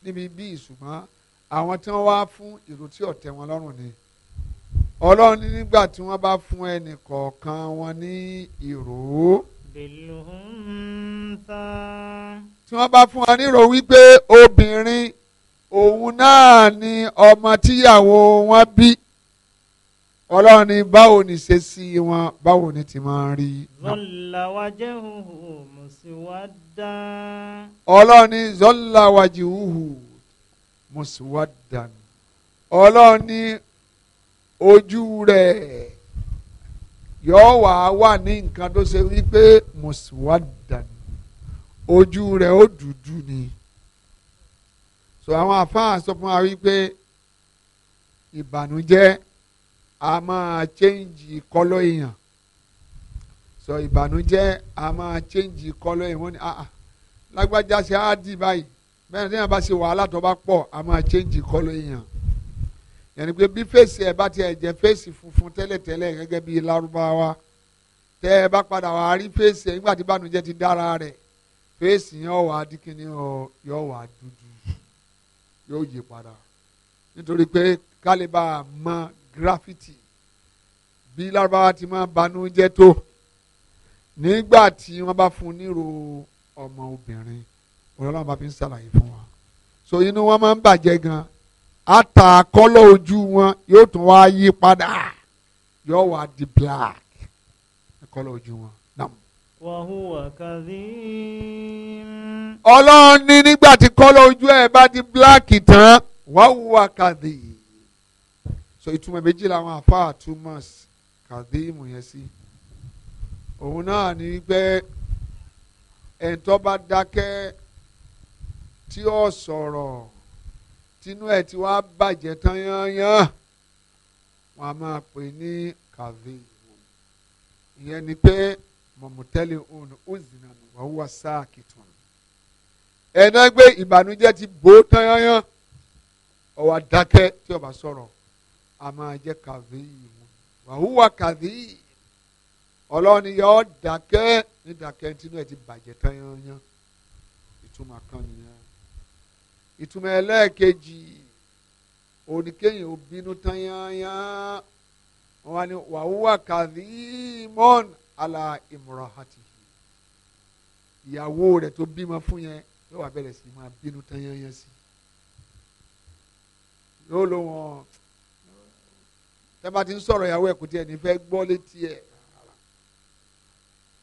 níbi bí ìṣùgbọ́n àwọn tí wọ́n wá fún ìró tí ò tẹ́ wọn lọ́rùn ni ọlọ́run ní nígbà tí wọ́n bá fún ẹnì kọ̀ọ̀kan wọn ní ìró. tí wọ́n bá fún wọn nírò wípé obìnrin òun náà ni ọmọ tíyàwó wọn bí ọlọ́run ní báwo ni ṣe sí wọn báwo ni ti máa rí. zọ́là wájú hùhù mùsùlùwádà. ọlọ́run ní zọ́là wájú hùhù ọlọ́run ní ojú rẹ̀ yóò wà wà ní nǹkan tó ṣe wípé mùsùlùmí ojú rẹ̀ ó dúdú ni so àwọn àfáà sọ fún wa wípé ìbànújẹ́ a máa chẹ́ǹjì kọ́lọ́ èèyàn so ìbànújẹ́ a máa chẹ́ǹjì kọ́lọ́ èèyàn wọ́n ní ah ah lágbájá ṣe á dì báyìí bẹ́ẹ̀ ni wọ́n bá ṣe wàhálà tó bá pọ̀ a máa chẹ́ǹjì kọ́lọ́ èèyàn yẹnni pé bí fèsì ẹ bá tiẹ̀ jẹ́ fèsì funfun tẹ́lẹ̀tẹ́lẹ̀ gẹ́gẹ́ bíi Lárúbáwá tẹ́ ẹ bá padà wà rí fèsì ẹ nígbà tí bànújẹ́ ti dára rẹ̀ fèsì yẹn wà á di kíni ọ yọ wà á dúdú yóò yí padà nítorí pé kálíbà mọ gírafìtì bí Lárúbáwá ti máa bànújẹ́ tó nígbà tí wọ́n bá fún nírò ọmọ obìnrin Ọlọ́run bá fi ń ṣàlàyé fún wa so inú wọn máa ń bàjẹ́ gan-an ata kọ́lọ̀ ojú wọn yóò tún wá yí padà yóò wá di black kọ́lọ̀ ojú wọn nam. wàhùwà kàdím. ọlọ́run ní nígbà tí kọ́lọ̀ ojú ẹ̀ bá di black tán wàhùwà kàdím. so ìtumọ̀ méjì làwọn àfáà túmọ̀ kàdímù yẹn sí. òun náà ní pé ẹ̀ńtọ́ bá dákẹ́ tí ó sọ̀rọ̀ tinú ẹ̀ ti wá bàjẹ́ tán yányán wọn a máa pè ní kàvé ìyẹn ni pé mọ̀mọ́tẹ́lẹ̀ òun ó zìnà wọ́n wá sáà kìtùn ẹ̀nà gbé ìbànújẹ́ ti bò ó tán yányán ọwọ́ dákẹ́ tí ó sọ̀rọ̀ a máa jẹ́ kàvé ìwọ̀n wàhùwà kàvé ọlọ́run yọ ọ́ dákẹ́ ní dákẹ́ tinú ẹ̀ ti bàjẹ́ tán yányán ìtumọ̀ kan nìyẹn ìtumọ̀ ẹlẹ́ẹ̀kejì oníkéyìn ò tanyanya, tán yányán wọn ni wàhùwà kàdímọ́n àlà ìmọ̀ràhàtì ìyàwó rẹ̀ tó bímọ fún yẹn yóò wá bẹ̀rẹ̀ sí máa bínú tán sí yóò ló wọn tẹ́ ti ń sọ̀rọ̀ ìyàwó ẹ̀ kò tiẹ̀ ní fẹ́ gbọ́ létí ẹ̀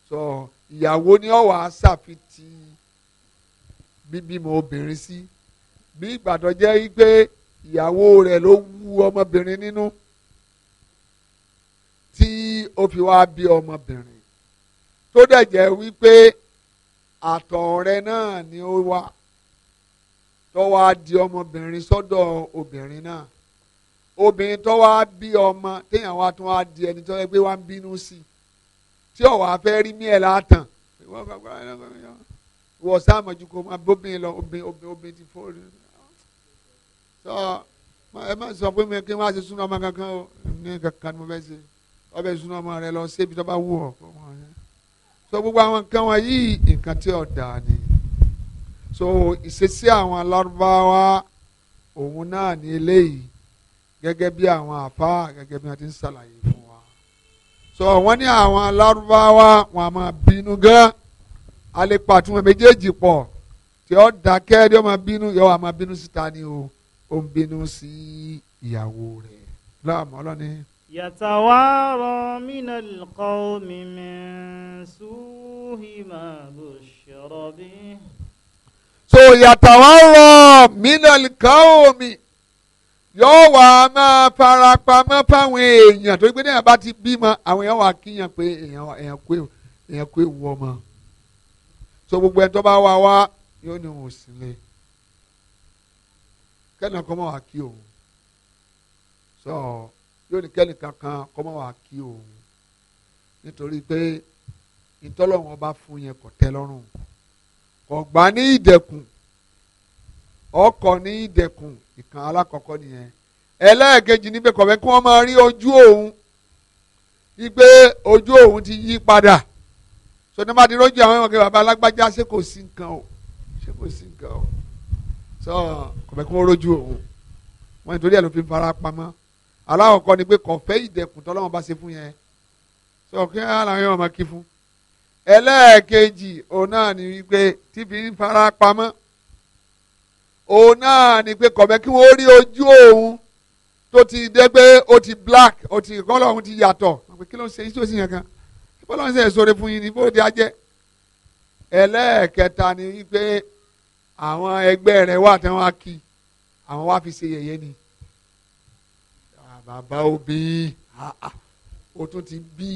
sọ ìyàwó ni ó wá ṣàfitì bíbímọ obìnrin sí. So, bí ìgbà tó jẹ́ pé ìyàwó rẹ̀ ló wú ọmọbìnrin nínú tí ó fi wá bí ọmọbìnrin tó dẹ̀ jẹ́ wípé àtọ̀ rẹ̀ náà ni ó wà tó wá di ọmọbìnrin sọ́dọ̀ obìnrin náà obìnrin tó wá bí ọmọ téèyàn wá tún wá di ẹni tó yẹ pé wá ń bínú sí i tí ọ̀wá fẹ́ rí mí ẹ̀ látàn wọ́n sáà mọ̀jú kó lọ obìnrin obìnrin ti fọ́ọ̀rù sọ ẹ má sọ pé mi kí wọn á ṣe súnà ọmọ kankan o ní kankan ni mo fẹ́ ṣe ọbẹ̀ súnà ọmọ rẹ lọ síbi tó bá wù ọ́ sọ gbogbo àwọn nǹkan wọn yìí nǹkan tí ò dáa ni so ìṣesí àwọn alárúbáwá òun náà ní eléyìí gẹ́gẹ́ bí àwọn àfa gẹ́gẹ́ bí wọ́n ti ń ṣàlàyé fún wa so wọ́n ní àwọn alárúbáwá wọn a máa bínú gan alẹ́ pàtó wọn méjèèjì pọ̀ tí ó dákẹ́ tí ó máa bínú yọ wọn a máa bínú síta ni o ó ń bínú sí ìyàwó rẹ̀ láàmú ọlọ́ni. yàtàwárọ̀ mínà lùkọ́ mi mẹ́sùn ìmọ̀ bó ṣọ̀rọ̀ bí. so yàtàwárọ̀ mínà lùkọ́ mi yóò wá máa fara pamọ́ fáwọn èèyàn tó gbé náà bá ti bímọ àwọn èèyàn wà kíyàn pé èèyàn kó èèyàn kó ewu ọmọ so gbogbo ẹ̀ tó bá wá wá yóò ní òun kẹ́nìkan kọ́ mọ́ wá kí òun sọ yóò ní kẹ́nìkan kan kọ́ mọ́ wá kí òun nítorí pé ìtọ́lọ́wọ́n bá fún yẹn kò tẹ́ lọ́rùn kò gbà ní ìdẹ̀kùn ọkọ̀ ní ìdẹ̀kùn ìkan alákọ̀ọ́kọ́ nìyẹn ẹlẹ́ẹ̀kejì ní pé kọ̀wé kí wọ́n máa rí ojú òun wípé ojú òun ti yí padà sọdọ́mọdé lójú àwọn ẹ̀wọ̀n kí baba alágbájá ṣe kò sí nǹkan o ṣe kò sí nǹkan o sọ kò fẹ́ kí wọ́n rójú òun wọ́n nítorí ẹ̀ ló fi fara pamọ́ aláwọ̀kọ́ ni pé kò fẹ́ ìdẹ̀kùn tọ́lọ́wọ́n bá ṣe fún yẹn sọ kí àwọn yẹn wọ́n máa kí fún ẹlẹ́ẹ̀kejì òun náà ni wípé tí fi ń fara pamọ́ òun náà ni pé kò kí wọ́n rí ojú òun tó ti dé pé ó ti black ó ti kọ́lọ̀ òun ti yàtọ̀ kí ló ń ṣe iṣẹ́ òsì yẹn kan kí bọ́lá ń ṣe èso rẹ fún yín ní bóde ajẹ́ ẹlẹ́ẹ̀kẹta ni wípé àwọn ẹgbẹ́ rẹ̀ wà tí wọ́n á kí àwọn wá fi ṣe yẹ̀yẹ́ ni ah, bàbá òbí ah, ah. o tún ti bí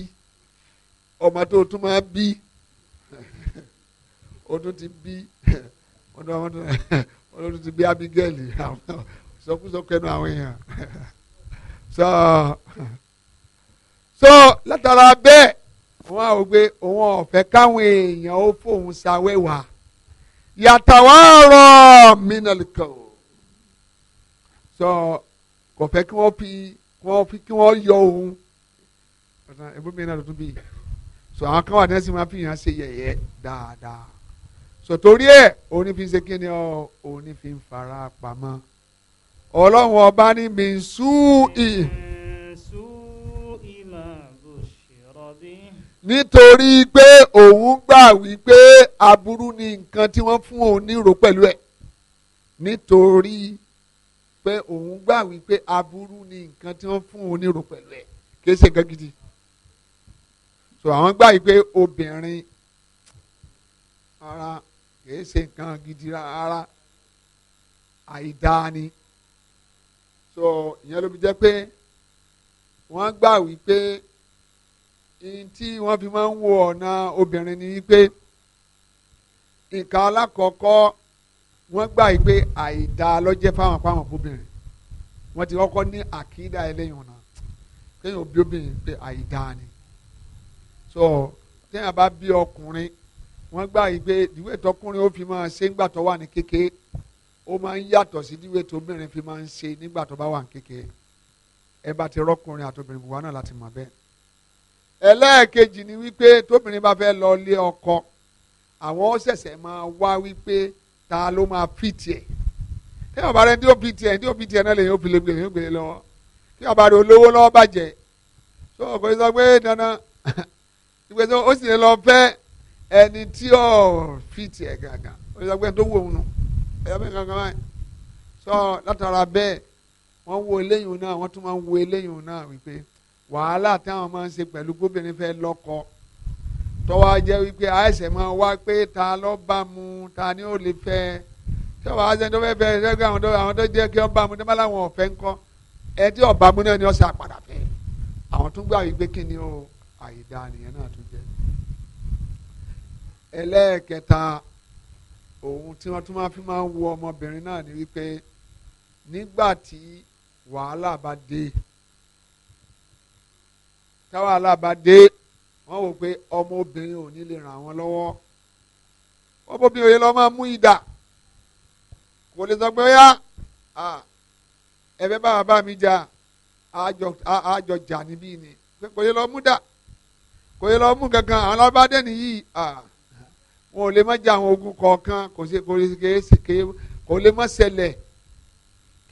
ọmọ tó tún máa bí (laughs) o tún ti bí (laughs) (laughs) o tún ti bí Abigail sọkúsọ kẹnu àwọn èèyàn sọ so látara bẹ́ẹ̀ wọn ò gbé òun ọ̀fẹ́ káwọn èèyàn ó fóun ṣàwẹ́wàá yàtàwárọ̀ mínàlìkàn o sọ kò fẹ́ kí wọ́n fi wọ́n fi kí wọ́n yọ òun ẹ̀bùn mi náà ló tún bí sọ àwọn kan wà ní ẹ̀sìn máa fi yàn ṣe yẹ̀yẹ́ dáadáa sọ torí ẹ̀ òun fi ṣe kí ni ọ òun fi fara pamọ́ ọlọ́run ọba ní mi sùn ì. nítorí pé òun gbà wípé aburú ni nǹkan tí wọ́n fún òun nírò pẹ̀lú ẹ̀ nítorí pé òun gbà wípé aburú ni nǹkan tí wọ́n fún òun nírò pẹ̀lú ẹ̀ kìí nǹkan gidi so àwọn gbà wípé obìnrin ara kìí ṣe nǹkan gidi rárá àìdáa so ìyẹn ló fi jẹ́ pé wọ́n gbà wípé tí wọ́n fi máa ń wo ọ̀nà obìnrin ni wípé nǹkan alákọ̀ọ́kọ́ wọ́n gbà wípé àìdá lọ́jẹ́ fáwọn fáwọn obìnrin wọ́n ti kọ́kọ́ ní àkídà ẹlẹ́yìn ọ̀nà kéèyàn bí obìnrin pé àìdá ni so téèyàn bá bí ọkùnrin wọ́n gbà wípé ìwé tọkùnrin ó fi máa ṣe nígbà tó wà ní kékeré ó máa ń yàtọ̀ sí ìwé tóbìnrin fi máa ń ṣe nígbà tó bá wà ní kékeré ẹ bá ti rọ́kùnrin àtobìnrin bùwá náà láti mọ̀ bẹ́ẹ̀ ẹlẹ́ẹ̀kejì ni wípé tóbìnrin bá fẹ́ lọ lé ọkọ àwọn ṣẹ̀ṣẹ̀ máa wá wípé ta ló máa fìtì ẹ̀ tí wọ́n bá rẹ tí ó fìtì ẹ̀ tí ó fìtì ẹ̀ náà lèyìn ó fi lè gbè yín gbèrè lọ́wọ́ tí wọ́n bá rẹ olówó lọ́wọ́ bàjẹ́ tó ọkọ yìí sọ pé dandan (laughs) ìgbésẹ̀ ó sì lè lọ fẹ́ ẹni tí ó fìtì ẹ̀ gàgàn ó sọ pé tó wù òun nù ẹ̀yọ́ bẹ́ẹ̀ gàgàn báyìí sọ látara bẹ́ẹ̀ wọ́n wo eléyìí náà wọ́n tún máa ń wo eléyìí náà wípé wàhálà táwọn máa ń ṣe pẹ̀lú gómìnrin fẹ́ lọ́kọ tọ́wọ́ jẹ́ wípé àìsàn máa wá pé ta ló bá mu ta ni ó lè fẹ́ tọ́wọ́ àìsàn tó fẹ́ fẹ́ ṣẹ́gun àwọn tó àwọn tó jẹ́ kí wọ́n bá mu tó bá láwọn ọ̀fẹ́ ńkọ́ ẹ tí ọ̀bá mu náà ni ọ̀sẹ̀ àpàdà fẹ́ àwọn tó gbà wípé kí ni ó àyèdá nìyẹn náà tó jẹ́ ẹlẹ́ẹ̀kẹta ohun tí wọ́n tún máa fi máa ń wo ọmọbìnrin náà ni wípé nígbà tí wàhálà bá dé táwọn alábàdé wọ́n wò pé ọmọbìnrin ò ní lè ràn wọ́n lọ́wọ́ ọmọbìnrin òye lọ́ọ́ máa mú ìdà kò lè sọ pé ó yá ẹ̀fẹ́ bá bàbá mi jà àjọ jà níbí ni kò lè lọ́ọ́ mú dà kò lè lọ́ọ́ mú kankan àwọn alábàdé nìyí wọn ò lè má jà àwọn ogun kọ̀ọ̀kan kò sí kò lè kéé kò lè má ṣẹlẹ̀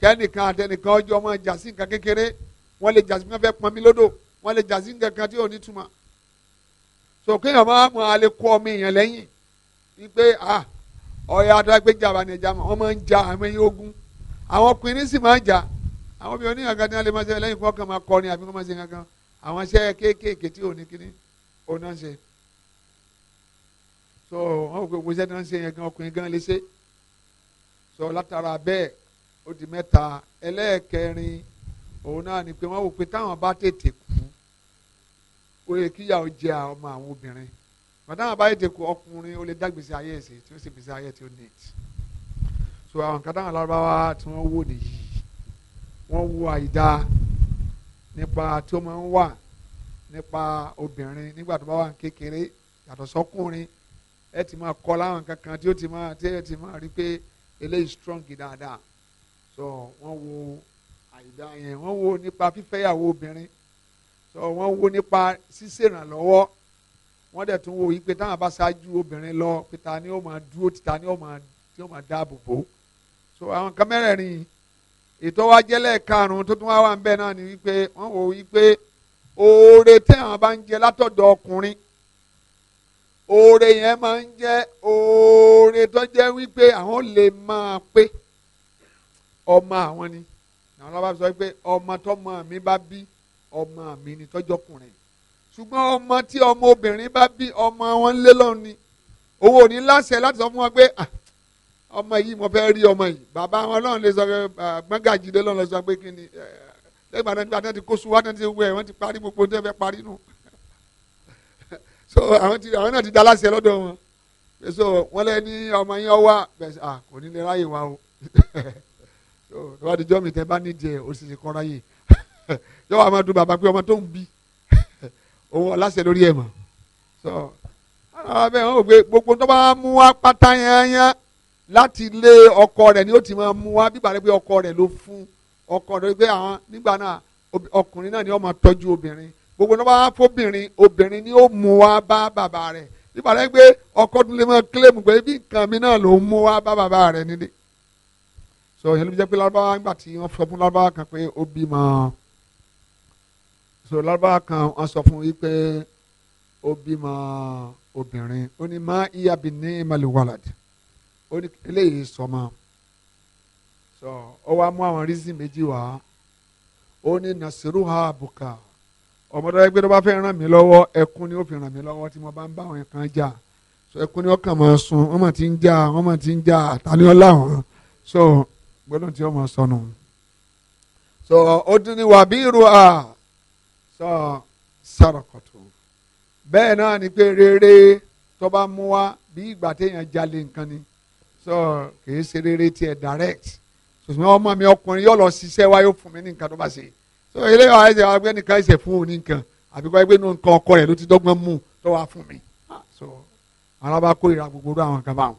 kẹ́nìkan àtẹnìkan ọjọ́ máa jà sí nǹkan kékeré wọ́n lè jà sí pé fẹ́ pọnmi lódò wọ́n lè jà sí nǹkan tí ò ní túmọ̀ so kéèyàn máa mọ alẹ́ kọ́ ọmọ èèyàn lẹ́yìn wípé ah ọ̀yà adágbé jàmbá ni ẹja wọn máa ń ja àmọ́ ẹ̀yìn ogun àwọn ọkùnrin sì máa ń jà àwọn obìnrin oníyàgá ni wọ́n lè máa ṣe lẹ́yìn kọ́kàn máa kọrin àbí wọ́n máa ṣe kankan àwọn iṣẹ́ kéékèèké tí ò ní kíní òun náà ṣe so wọn kò gbogbo iṣẹ́ tí wọ́n ṣe yẹn gan ọkùnrin gan lè ṣe so látara bẹ́ẹ̀ ó di mẹ́ta ẹlẹ́ẹ̀kẹrin òun náà ni pé wọ́n wò pé táwọn bá tètè kú ó yẹ kíyàwó jẹ ọmọ àwọn obìnrin bàtàwọn bá tètè kú ọkùnrin ó lè dá gbèsè ayé ẹ̀sìn tí ó sì gbèsè ayé tí ó nìyẹn so àwọn kan táwọn lárúbáwá tí wọ́n wò nìyí wọ́n wo àìda nípa tí ó máa ń wà nípa obìnrin nígbà tó bá wà ní kékeré yàtọ̀ sọ́kùnrin ẹ ti máa kọ́ láwọn kankan tí ó ti máa tí ẹ ti máa rí pé eléyìí strong dáadáa so wọ́n wo àìdá yẹn wọ́n wo nípa fífẹ́yàwó obìnrin so wọ́n wo nípa ṣíṣèrànlọ́wọ́ wọ́n dẹ̀ tún wo yìí pé táwọn bá ṣáájú obìnrin lọ pé ta ni ó máa dúró ti ta ni ó máa dáàbò bò so àwọn kan mẹ́rẹ̀ẹ̀rin ètò wa jẹ́lẹ̀ karùn-ún tó tún wá wà ń bẹ̀ náà ni wípé wọ́n wo wípé oore tí àwọn bá ń jẹ látọ̀dọ̀ ọkùnrin oore yẹn máa ń jẹ́ oore tó jẹ́ wípé àwọn lè máa pé ọmọ àwọn ni àwọn ọlọ́ba sọ pé ọmọ tọmọ mi bá bí ọmọ mi ni tọ́jọ́kùnrin ṣùgbọ́n ọmọ tí ọmọ obìnrin bá bí ọmọ wọn lé lọ́run ni owó ò ní láṣẹ láti sọ fún wọn pé ah, ọmọ yìí mo fẹ́ rí ọmọ yìí bàbá wọn lọ́run lè sọ pé ah, gbọ́ngàjìdé lọ́run lè sọ pé kí ni eh, lẹ́gbàá náà nígbà tí wọ́n ti kó suwá náà ti wẹ̀ wọ́n ti parí gbogbo tó fẹ́ parí nù (laughs) so àwọn ti àwọn náà ti da láṣẹ lọ́dọ̀ wọn so wọ́n lẹ́ ní ọmọ yẹn wá bẹ́ẹ̀ sà ah, kò ní lè ráyè wá o. (laughs) so tó bá di jọ́ mi tẹ́ bá nídìí ẹ̀ òṣìṣẹ́ kọ́ra yìí yọ wà máa dùn bàbá pé ọmọ tó ń bí (laughs) òun ọ̀làṣẹ lórí ẹ̀ mọ̀ so ara bẹ́ẹ̀ wọ́n gbé gbogbo tó bá mú wá pátá yányán láti lé ọkọ rẹ̀ ni ó ti máa mú wá bíbá rẹ̀ pé ọkọ rẹ̀ ló fún ọkọ rẹ̀ pé àwọn nígbà náà ọkùnrin náà ni ó máa tọ́jú obìnrin gbogbo náà bá fóbìnrin obìnrin ni ó mú wa bá bàbá rẹ̀ nígbà rẹ̀ pé ọkọ tún lè máa kílèmù pé bí nǹkan mi náà ló mú wa bá bàbá rẹ̀ nílé so ìyẹn ló fi jẹ́ pé lárúbáwá nígbà tí wọ́n sọ fún lárúbáwá kan pé ó bímọ so lárúbáwá kan wọ́n sọ fún yìí pé ó bímọ obìnrin ó ní má iyabi ní maliwalad ó ní eléyìí sọmọ so ó wá mú àwọn rízìn méjì wá ó ní nasiru ha buka ọmọdé ẹgbẹ́ tó bá fẹ́ ràn mí lọ́wọ́ ẹkún ni ó fi ràn mí lọ́wọ́ tí mo bá ń bá àwọn kan jà so ẹkún ni ó kàn máa sun wọ́n mà ti ń jà wọ́n mà ti ń jà àtàlẹ́ ọ̀la wọn so gbọ́dọ̀ tí ọmọ sọnù so ó tún ní wàbí irú a sọ sàrọkọtò bẹ́ẹ̀ náà ni pé rere tó bá mú wa bí ìgbà téèyàn jalè nǹkan ni so kìí ṣe rere tiẹ̀ direct sùsùn ọmọ mi ọkùnrin yóò lọ ṣiṣẹ́ wa yóò fún mi ní tó bá ṣe so eléyàwó ẹ̀ṣẹ̀ wa gbé nìkan ẹ̀ṣẹ̀ fún òní nǹkan àbí kọ́ ẹgbẹ́ nǹkan ọkọ rẹ̀ ló ti dọ́gbọ́n mú tó wá fún mi ah, so alábàákó ìra gbogbo àwọn kan báwọn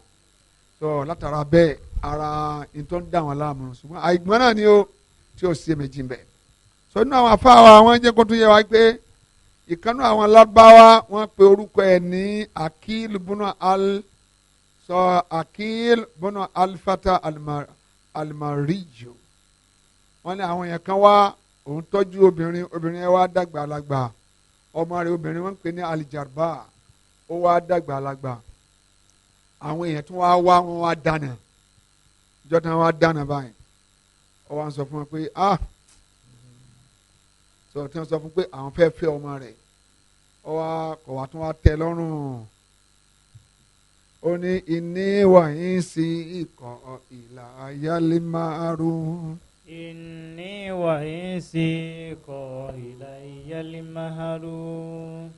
so látara bẹ́ẹ̀ ara ìtọ́ ń dà wọ́n láàmú ṣùgbọ́n àìgbọ́n náà ni ó tí ó sì èmi jìn bẹ̀. sọ nínú àwọn afá wa wọ́n jẹ́ kó tún yẹ wá pé ìkànnú àwọn alábáwá wọ́n pe orúkọ ẹ̀ ní akil buna al sọ akil buna alifata almarijo wọ́n ní àwọn yẹn kan wá òun tọ́jú obìnrin obìnrin yẹn wá dàgbà alágbà ọmọ rẹ̀ obìnrin wọ́n ń ní alijarba ó wá dàgbà alágbà àwọn èèyàn tí wọ́n wá wọn wá dáná jọta wa dáná báyìí ọ wá sọ fún wa pé ah sọ̀rọ̀ tí wọ́n sọ fún pé àwọn fẹ́ fẹ́ ọmọ rẹ̀ ọ wá kọ̀ wá tún wá tẹ lọ́rùn ó ní iní wà ń sí ikọ̀ ìlà ayálé márùn. iní wà ń sí ikọ̀ ìlà ayálé márùn.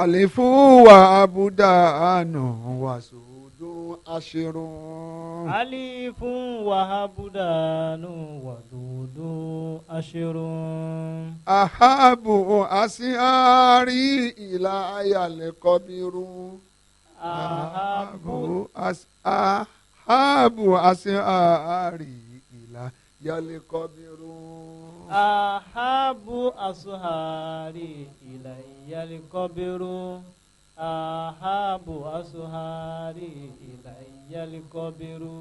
àlè fún wa abúdá àánú wàásù. عشر أليف وهبدان ودود أشر أحب أسياري إلى القبر أحب أس أحب أسياري إلى القبر أحب أسهاري إلى القبر ahabu asuhari ìlàyàlíkọ́bìrú.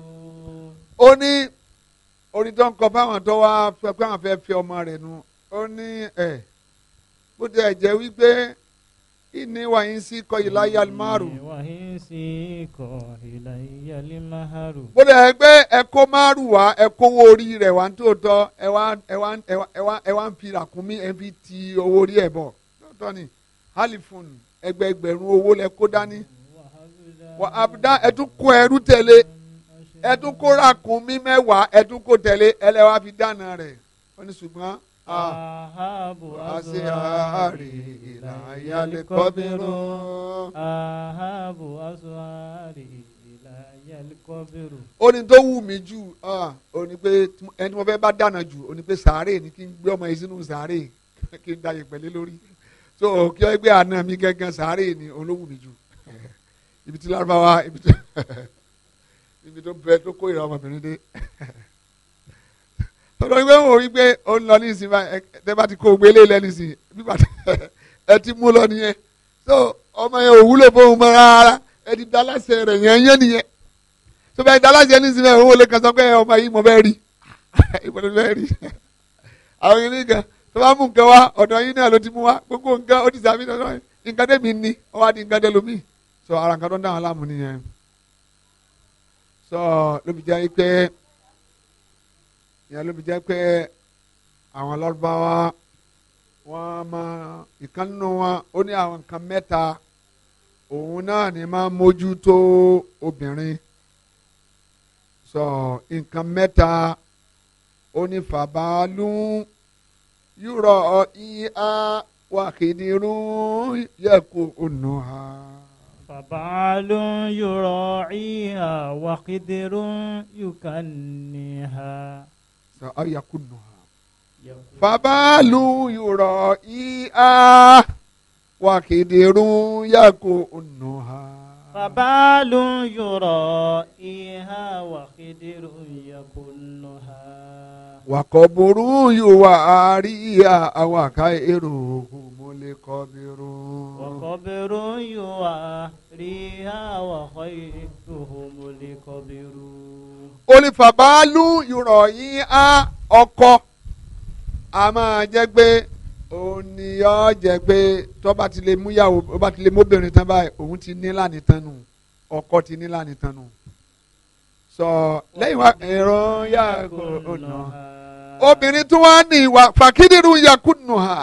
ó ní orin tó ń kọ fáwọn tó wá fẹ́ pé àwọn fẹ́ fi ọmọ rẹ̀ nu ó ní ẹ̀ bó tilẹ̀ jẹ́ wípé inni wa insi ko ilaya almaru. inni wa insi ko ilaya almaru. bó lè gbé ẹ̀kọ́ márùn wá ẹ̀kọ́ owó orí rẹ̀ wá ń tòótọ́ ẹ wá ń fi ràkúnmí ẹ fi ti owó orí ẹ̀ bọ̀ tòótọ́ ni alifun ẹgbẹẹgbẹ̀rún owó lẹ kó dání wà abudá ẹtún kó ẹrú tẹ̀lé ẹtún kó ràkún mí mẹ́wàá ẹtún kó tẹ̀lé ẹlẹ́wàá fi dáná rẹ̀ wọ́n ní ṣùgbọ́n ahabu azuhari ìlàyàlẹ̀ kọ́bìrú ahabu azuhari ìlàyàlẹ̀ kọ́bìrú. ó ní tó wù mí jù ó ní pé ẹni tí mo fẹ́ bá dáná jù ó ní pé sàárè ni kí n gbé ọmọ yìí sínú sàárè kí n dayè pẹ̀lẹ́ lórí so kí ọ gbé àná mi gángan sàárè ni olówó mi jù ibi tí lárúbáwá ibi tó ibi tó bẹ tó kó ìrà ọmọbìnrin dé tọ́lọ́ wípé wò wípé ó ń lọ ní ìsìn tẹ́ bá ti kó gbé lé lẹ́nu ìsìn bíbá ẹ ti mú lọ nìyẹn so ọmọ yẹn ò wúlò fóun mọ́ rárá ẹ ti dalásẹ̀ rẹ̀ yẹn yẹn nìyẹn so bẹ́ẹ̀ dalásẹ̀ ní ìsìn bẹ́ẹ̀ òun ò lè kàn sọ pé ọmọ yìí mo bẹ́ẹ̀ rí (laughs) ìmọ̀lẹ́ bẹ́ẹ̀ rí (laughs) àwọn yẹn nìkan tó bá mú nǹkan wá ọ̀dọ̀ yín náà ló ti mú wá gbogbo nǹkan ó ti sàmì lọ́dọ̀ yín nǹkan tẹ̀mí ni ó wá di nǹkan tẹ̀lómi sọ ara nǹkan tó ń dá wọn nìyẹn sọ lóbi jẹ́ pé ìyẹn lóbi jẹ́ pé àwọn lọ́rùbáwá wọ́n máa ìkànnù wọn ó ní àwọn nǹkan mẹ́ta òun náà ni máa mójútó obìnrin sọ nǹkan mẹ́ta ó ní fàbálùú yúrọ̀ ìhà wàkìdìrú yẹ̀kù ònà. Fàbàálù yúrọ̀ ìhà wàkìdìrú yùkànnìhà. Sọ ayakùnà. Fàbàálù yúrọ̀ ìhà wàkìdìrú yẹ̀kù ònà. فبال يرائيها وخدر يكنها wàkọ̀bùrú yòówà àríyá àwàká èrò mo lè kọ́bìrú. wàkọ̀bìrú yòówà àríyá àwàká èrò mo lè kọ́bìrú. olùfàbálù ìròyìn á ọkọ a máa jẹ́ pé òun ni ọ jẹ́ pé tọ́ba ti lè múyàwó ọba ti lè móbìnrin tán báyìí òun ti ní lánìí tán nù ọkọ ti ní lánìí tán nù sọ lẹ́yìn wa ìran yà kò nà. obìnrin tí wọ́n á ní ìwà fàkídìrú yakú nù hà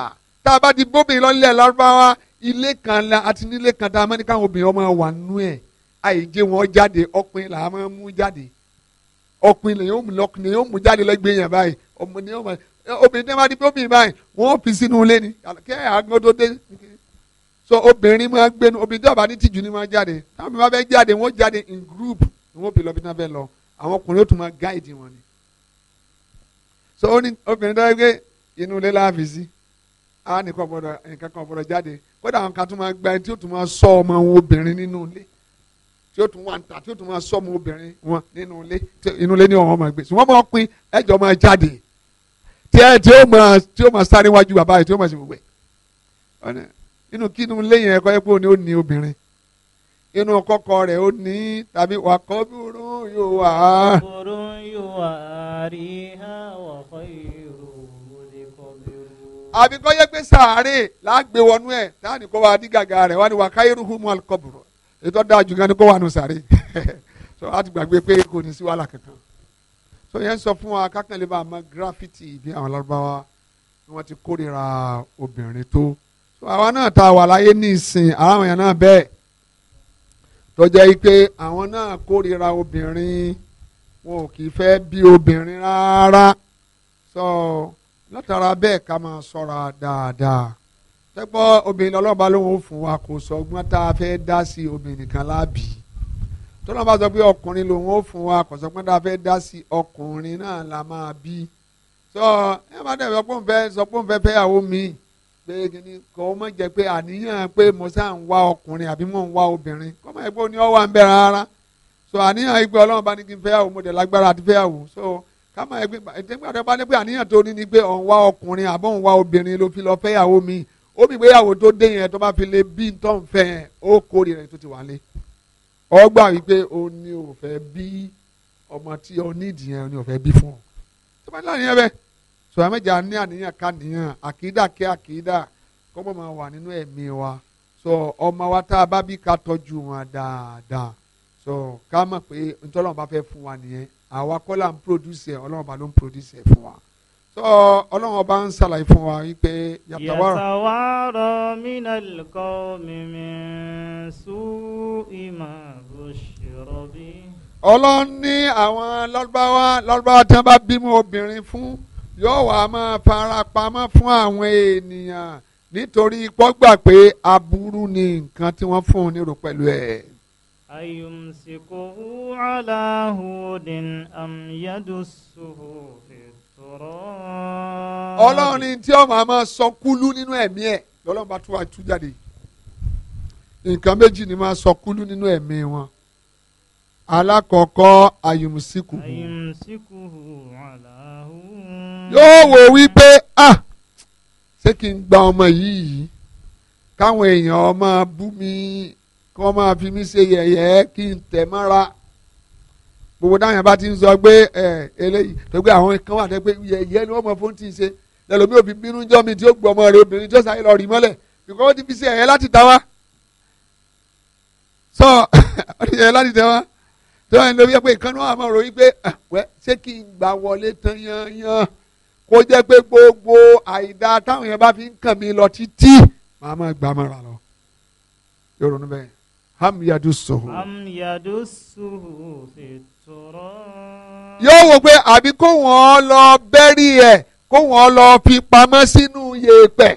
tá a bá di bóbìnrin lọ́lẹ̀ lárúbáwá ilé kan la àti nílé kan tá a máa ní káwọn obìnrin ọmọ wà nú ẹ̀ àìjẹ́ wọn jáde ọkùnrin là á máa mú jáde ọkùnrin lèyìn ó mú lọkùnrin lèyìn ó mú jáde lẹ́gbẹ̀ẹ́ yẹn báyìí ọmọ ni ó máa obìnrin tí wọ́n á di bóbìnrin báyìí wọ́n fi sínú ilé ni kí àgbọn tó dé so obìnrin máa gbénu obìnrin tí wọ́n bá ní tìjú ni máa jáde táwọn bá fẹ́ jáde wọ́n jáde in group wọn ò fi lọ bí tí wọ́n fẹ́ lọ àwọn ọkùnrin ó tún máa gáìdì wọn ni. so ó ní obìnrin tó yẹ pé inú ilé láàfin sí á nìkan gbọ́dọ̀ nǹkan kan gbọ́dọ̀ jáde kódà àwọn kan tún máa gba ẹni tí ó tún máa sọ ọmọ wọn obìnrin nínú ilé tí ó tún wà níta tí ó tún máa sọ ọmọ obìnrin wọn nínú ilé inú ilé ni wọ́n máa gbé sùn wọ́n máa pín ẹjọ́ máa jáde tí ẹ tí ó máa tí ó máa sáré wájú bàbá rẹ tí ó máa ṣe gbogbo ẹ nínú kí inú ilé yẹn kọ́ ẹ inú kọ́kọ́ rẹ̀ ó ní tàbí wàkọ́ búrú yóò wà á. búrú yóò wà á rí ha wàkọ́ ìrò òde kọ́ bẹ̀rù. àbí kọ́ yẹ pé sàárè láàgbé wọnú ẹ̀ táà ní kó wa dí gàgà rẹ̀ wá ní wàkà irú humu alikọ́bùrù ètò dáa jù gan ni kó wà nù sàárè (laughs) so a ti gbàgbé pé kò ní sí wàhálà kankan so yẹn sọ fún wa kákan lè bá a mọ gírafìtì bí àwọn lárúbáwá ni wọ́n ti kórìíra obìnrin tó so àwa náà ta wà láyé ní ìsìn àwọn èèyàn náà bẹ́ẹ̀ tọ́jà yìí pé àwọn náà kórìíra obìnrin wọn ò kì í fẹ́ bí obìnrin rárá sọ látara bẹ́ẹ̀ ká máa ṣọ́ra dáadáa tẹ́pọ́ obìnrin ọlọ́ba ló ń fún wa kò sọgbọ́n tá a fẹ́ dá sí obìnrin kan lábì tọ́lá bá sọ pé ọkùnrin lòun ó fún wa kò sọgbọ́n tá a fẹ́ dá sí ọkùnrin náà la máa bí sọ ẹ má dẹ̀ sọ pé òun fẹ́ sọ pé òun fẹ́ fẹ́ yàwó mi-ín pé kíní kò ó mọ̀ jẹ́ pé àníyàn pé mo sáà ń wá ọkùnrin àbí mò ń wá obìnrin kò mọ̀ ẹgbẹ́ òní ọwọ́ à ń bẹ̀ rárá so àníyàn ìgbẹ́ ọlọ́run bá ní kí n fẹ́yàwó mo dẹ̀ lágbára àti fẹ́yàwó so ká mọ̀ ẹgbẹ́ ìtẹ́gbà tó bá ní pé àníyàn tó ní ni pé òun wá ọkùnrin àbọ̀ òun wá obìnrin ló fi lọ fẹ́yàwó mi ó mi tó dé yẹn tó bá fi lè bí tó fẹ́ ó kórè rẹ̀ tó ti wà lé ọgbà wípé o ní o fẹ́ bí ọmọ tí o nídìí yẹn o ní o fẹ́ bí fún ọ tó bá ní láàrin yẹn bẹ́ẹ̀ sọ̀yàmẹ́jà ní àníyàn ká nìyàn àkídà kí àkídà kọ́mọ̀ máa wà nínú ẹ̀mí wa sọ ọmọ wa tá a bá bí ká tọ́jú wọn dáadáa sọ ká mọ̀ pé ntọ́lọ́run bá fẹ́ fún wa nìyẹn àwa kọ́ là ń produce ẹ̀ ọlọ́run bá ló ń produce ẹ̀ fún wa sọ ọlọ́run ọba ń ṣàlàyé fún wa wípé yàtàwárọ̀. yàtàwárọ̀ mina lukọ́ mímí sùn ìmọ̀ òṣèrò bí. ọlọ́run àwọn lọ́gbàwá lọ́gbàwá tí wọ́n bá bímọ obìnrin fún yóò wá máa fara pamọ́ fún àwọn ènìyàn nítorí pọ́gbà pé aburú ni nǹkan tí wọ́n fún un nírò pẹ̀lú ẹ̀. ayumsikuhu ala hudin am yadussuhu fi turab. ọlọ́run ni tí ọmọ àmọ́ sọ kúlú nínú ẹ̀mí ẹ̀ lọ́lọ́run bá tún wá tú jáde nǹkan méjì ni máa sọ kúlú nínú ẹ̀mí wọn alákọ̀ọ́kọ́ ayumsikuhu. ayumsikuhu ala yóò wò wípé ah ṣé kí n gba ọmọ yìí káwọn èèyàn ọmọ bú mi kí wọ́n máa fi mí ṣe yẹ̀yẹ́ kí n tẹ̀ mọ́ra gbogbo dáhùn bá ti ń sọ pé ẹ eléyìí tó gbé àwọn kan wà tẹ́ pé yẹ̀yẹ́ ni wọ́n mọ fóun ti ń ṣe lẹ́lòmí òbí bínú jọ́ mi tí ó gbọ́ ọmọ rẹ̀ obìnrin tí ó sáré lọ rí mọ́lẹ̀ ìkọ́ ó ti fi ṣe ẹ̀yẹ́ láti ta wá sọ (laughs) ó ti ṣe ẹ̀yẹ́ láti ta wá tó ẹni lóbi yẹ pé ìkànnì wà máa ròyìn pé ah, ṣé kí n gbà wọlé tán yán yán kó jẹ́ pé gbogbo àìda táwọn yẹn bá fi ń kàn mí lọ títí màá máa gbà mọ́ra lọ. yóò ronú bẹ́ẹ̀ ham yadu suhu. ham yadu suhu fi tọrọ. yóò wò pé àbí kó wọ́n lọ bẹ́rí ẹ̀ kó wọ́n lọ fi pamọ́ sínú yèèpẹ̀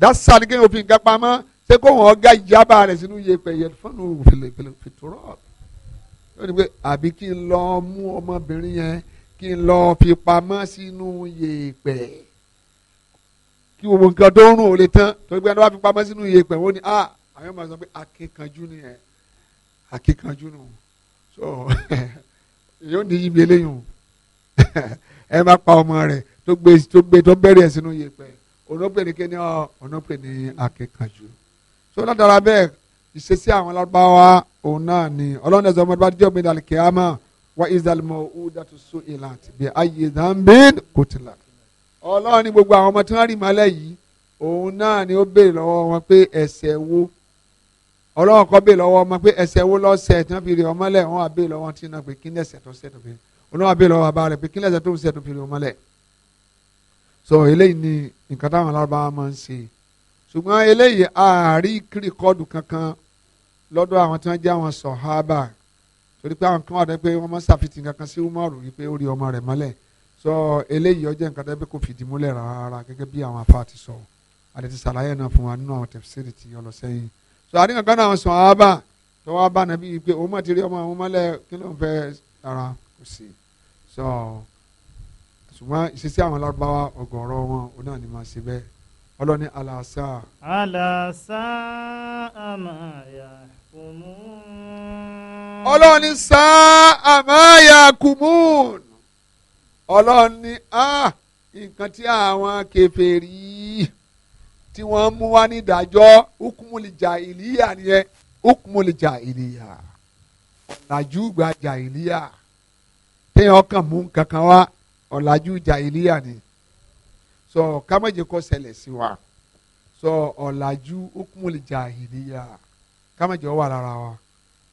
dásà ni kéèyàn fi nǹkan pamọ́ ṣé kó wọ́n ga ìjábá rẹ̀ sínú yèèpẹ̀ yẹn fọ́nù fìtòrọ̀ yóò ní pé àbí kí n lọ mú ọmọbìnrin yẹn kí n lọ fi pamọ́ sínú yèèpẹ̀ kí gbogbo nǹkan tó ń rùn ò lè tán torí pé ẹni wá fi pamọ́ sínú yèèpẹ̀ wọ́n ní a àwọn ọmọ sọ pé akínkanjú ni ẹ akínkanjú nù so (laughs) yóò ní ibi eléyìí (laughs) ẹ bá pa ọmọ rẹ tó gbé tó gbé tó bẹ̀rẹ̀ sínú yèèpẹ̀ onópè ní kíni ọ onópè ní akínkanjú so látara bẹ́ẹ̀ ìṣesí àwọn wa òun náà ni ọlọ́run ẹ̀sọ́ ọmọdé bá díjọ́ gbé dàlí wa izalima udatu so ilat bi ayi zambin kutila ọlọ́run ní gbogbo àwọn ọmọ tí wọ́n rí malẹ̀ yìí òun náà ni ó béèrè lọ́wọ́ wọn pé ẹ̀ṣẹ̀ wo ọlọ́run kọ́ béèrè lọ́wọ́ wọn pé ẹ̀ṣẹ̀ wo lọ́sẹ̀ tí wọ́n fi rí ọmọ lẹ̀ wọ́n á béèrè lọ́wọ́ tí náà pé kí ní ẹ̀ṣẹ̀ tó ṣẹ̀ fi rí olóhùn béèrè lọ́wọ́ bàbá rẹ̀ pé kí ní ẹ̀ṣẹ̀ tó ń fi rí ọmọ lẹ̀ so eléyìí ni nǹkan táwọn alárùbáwá máa ń ṣe ṣùgbọ́n eléyìí àárí kíríkọ́dù kankan lọ́dọ̀ àwọn tí wọ́n jẹ́ àwọn sọ̀hábà torí pé àwọn kan wà dé pé wọ́n máa ṣàfihàn kankan sí umaru wípé ó rí ọmọ rẹ̀ mọ́lẹ̀ sọ eléyìí ọjọ́ nǹkan tẹ́ pé kò fìdí múlẹ̀ rárá gẹ́gẹ́ bí àwọn afa ti sọ àti ti ṣàlàyé náà fún wa nínú àwọn tẹ̀síìrì tí ọlọ sẹ́yìn sọ àdéhùn kan náà sọ àbá tó wá bá nàbí pé òun máa ti rí ọmọ òun mọ́lẹ̀ kí ló ń fẹ́ ara kò sí sọ ṣùgbọ́n ìṣesí àwọn lárúbáwá ọ̀gọ̀ọ̀rọ̀ wọn òun náà ni máa ṣe bẹ́ẹ̀ ọlọ́ni alasa. alasa àmàyà kò mú un ọlọ́run ní sáà àmáyà kùmùn ọlọ́run ní ah nǹkan tí àwọn kèfèrí tí wọ́n mú wá nídàájọ́ ukumulija ìlíyà nìyẹn ukumulija ìlíyà ọ̀làjú gbajà ìlíyà téèyàn kàn mú kankan wá ọ̀làjú jà ìlíyà ni sọ kámẹ́jẹ kọ́ ṣẹlẹ̀ sí wa sọ ọ̀làjú ukumulija ìlíyà kámẹ́jẹ wà lára wa.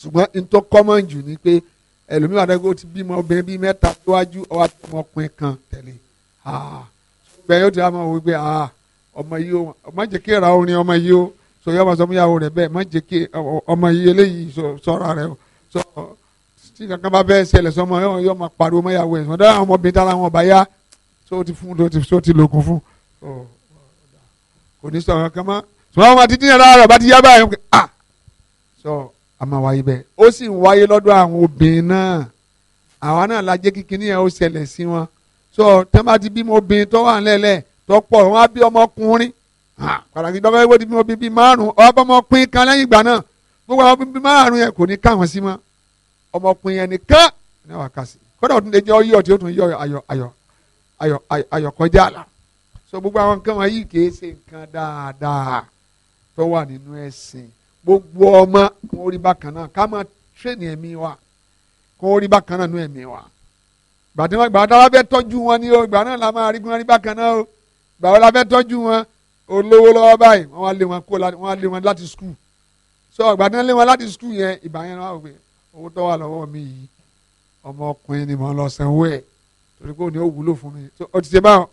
ṣùgbọ́n ntọ́ kọ́mọ̀n jù ni pé ẹlòmíì wà dẹ́gbẹ́ ó ti bímọ obìnrin bíi mẹ́ta síwájú ọwọ́ ọmọkùnrin kan tẹ̀lé ṣùgbọ́n yóò ti wá máa wọ pé ọmọ yìí ó má jẹ́ kí ra orin ọmọ yìí ó sọ yọ́ máa sọ fún ìyàwó rẹ̀ bẹ́ẹ̀ má jẹ́ kí ọmọ yìí eléyìí sọ̀rọ̀ rẹ̀ o sọ tí kankan bá bẹ́ẹ̀ ṣẹlẹ̀ sọmọ yọ́ máa pariwo mọ́ ìyàwó ẹ̀ sọ̀dọ̀ àwọn ọmọbìnrin tára wọn bá yá tó ti fún tó ti lògùn fún kò ní sọ̀rọ̀ kankan mọ́ sọ̀rọ̀ ọmọ títí yẹn lára rẹ̀ bá ti yá báyìí ah sọ a máa wáyé bẹ́ẹ̀ ó sì ń wáyé lọ́dọ̀ àwọn obìnrin náà àwọn náà la jẹ́ kíkiní yẹn ó ṣẹlẹ̀ sí wọn so tẹ́ bá ti bímọ obìnrin tó wà nílẹ̀ tó pọ̀ wọn á bí ọmọkùnrin pàtàkì ìjọba ẹgbẹ́ ti bímọ bíbí márùn ọmọkùnrin kan lẹ́yìn ìgbà náà gbogbo àwọn bíbí márùn yẹn kò ní káwọn sí mọ́ ọmọkùnrin yẹn nìkan ní wàá kà sí kódà òtún lè jẹ́ ọyọ́ tí ó tún yọ ayọ̀ ayọ̀ ayọ̀ ayọ̀ kọjá àlà so gbogbo àwọn nǹkan wọn yìí kì í ṣe nǹkan dáadáa tó wà nínú ẹ̀sìn gbogbo ọmọ kó rí bákan náà ká máa tírèèni ẹ̀mí wa kó rí bákan náà nú ẹ̀mí wa gbàtí wọn gbàtí wọn fẹ́ tọ́jú wọn ní o gbà náà la máa rí gun rí bákan náà o gbà wọn la fẹ́ tọ́jú wọn olówó lọ́wọ́ báyìí wọn wá lé wọn kó wọn wá lé wọn láti skul so gbàtí wọn lé wọn láti skul yẹn ìgbà yẹn wọn wò owó tó wà lọ́wọ́ mi yìí ọmọkùnrin ni mo lọ sanwó ẹ̀ torí pé òní ó wúlò fún mi ó ti ṣe báwọn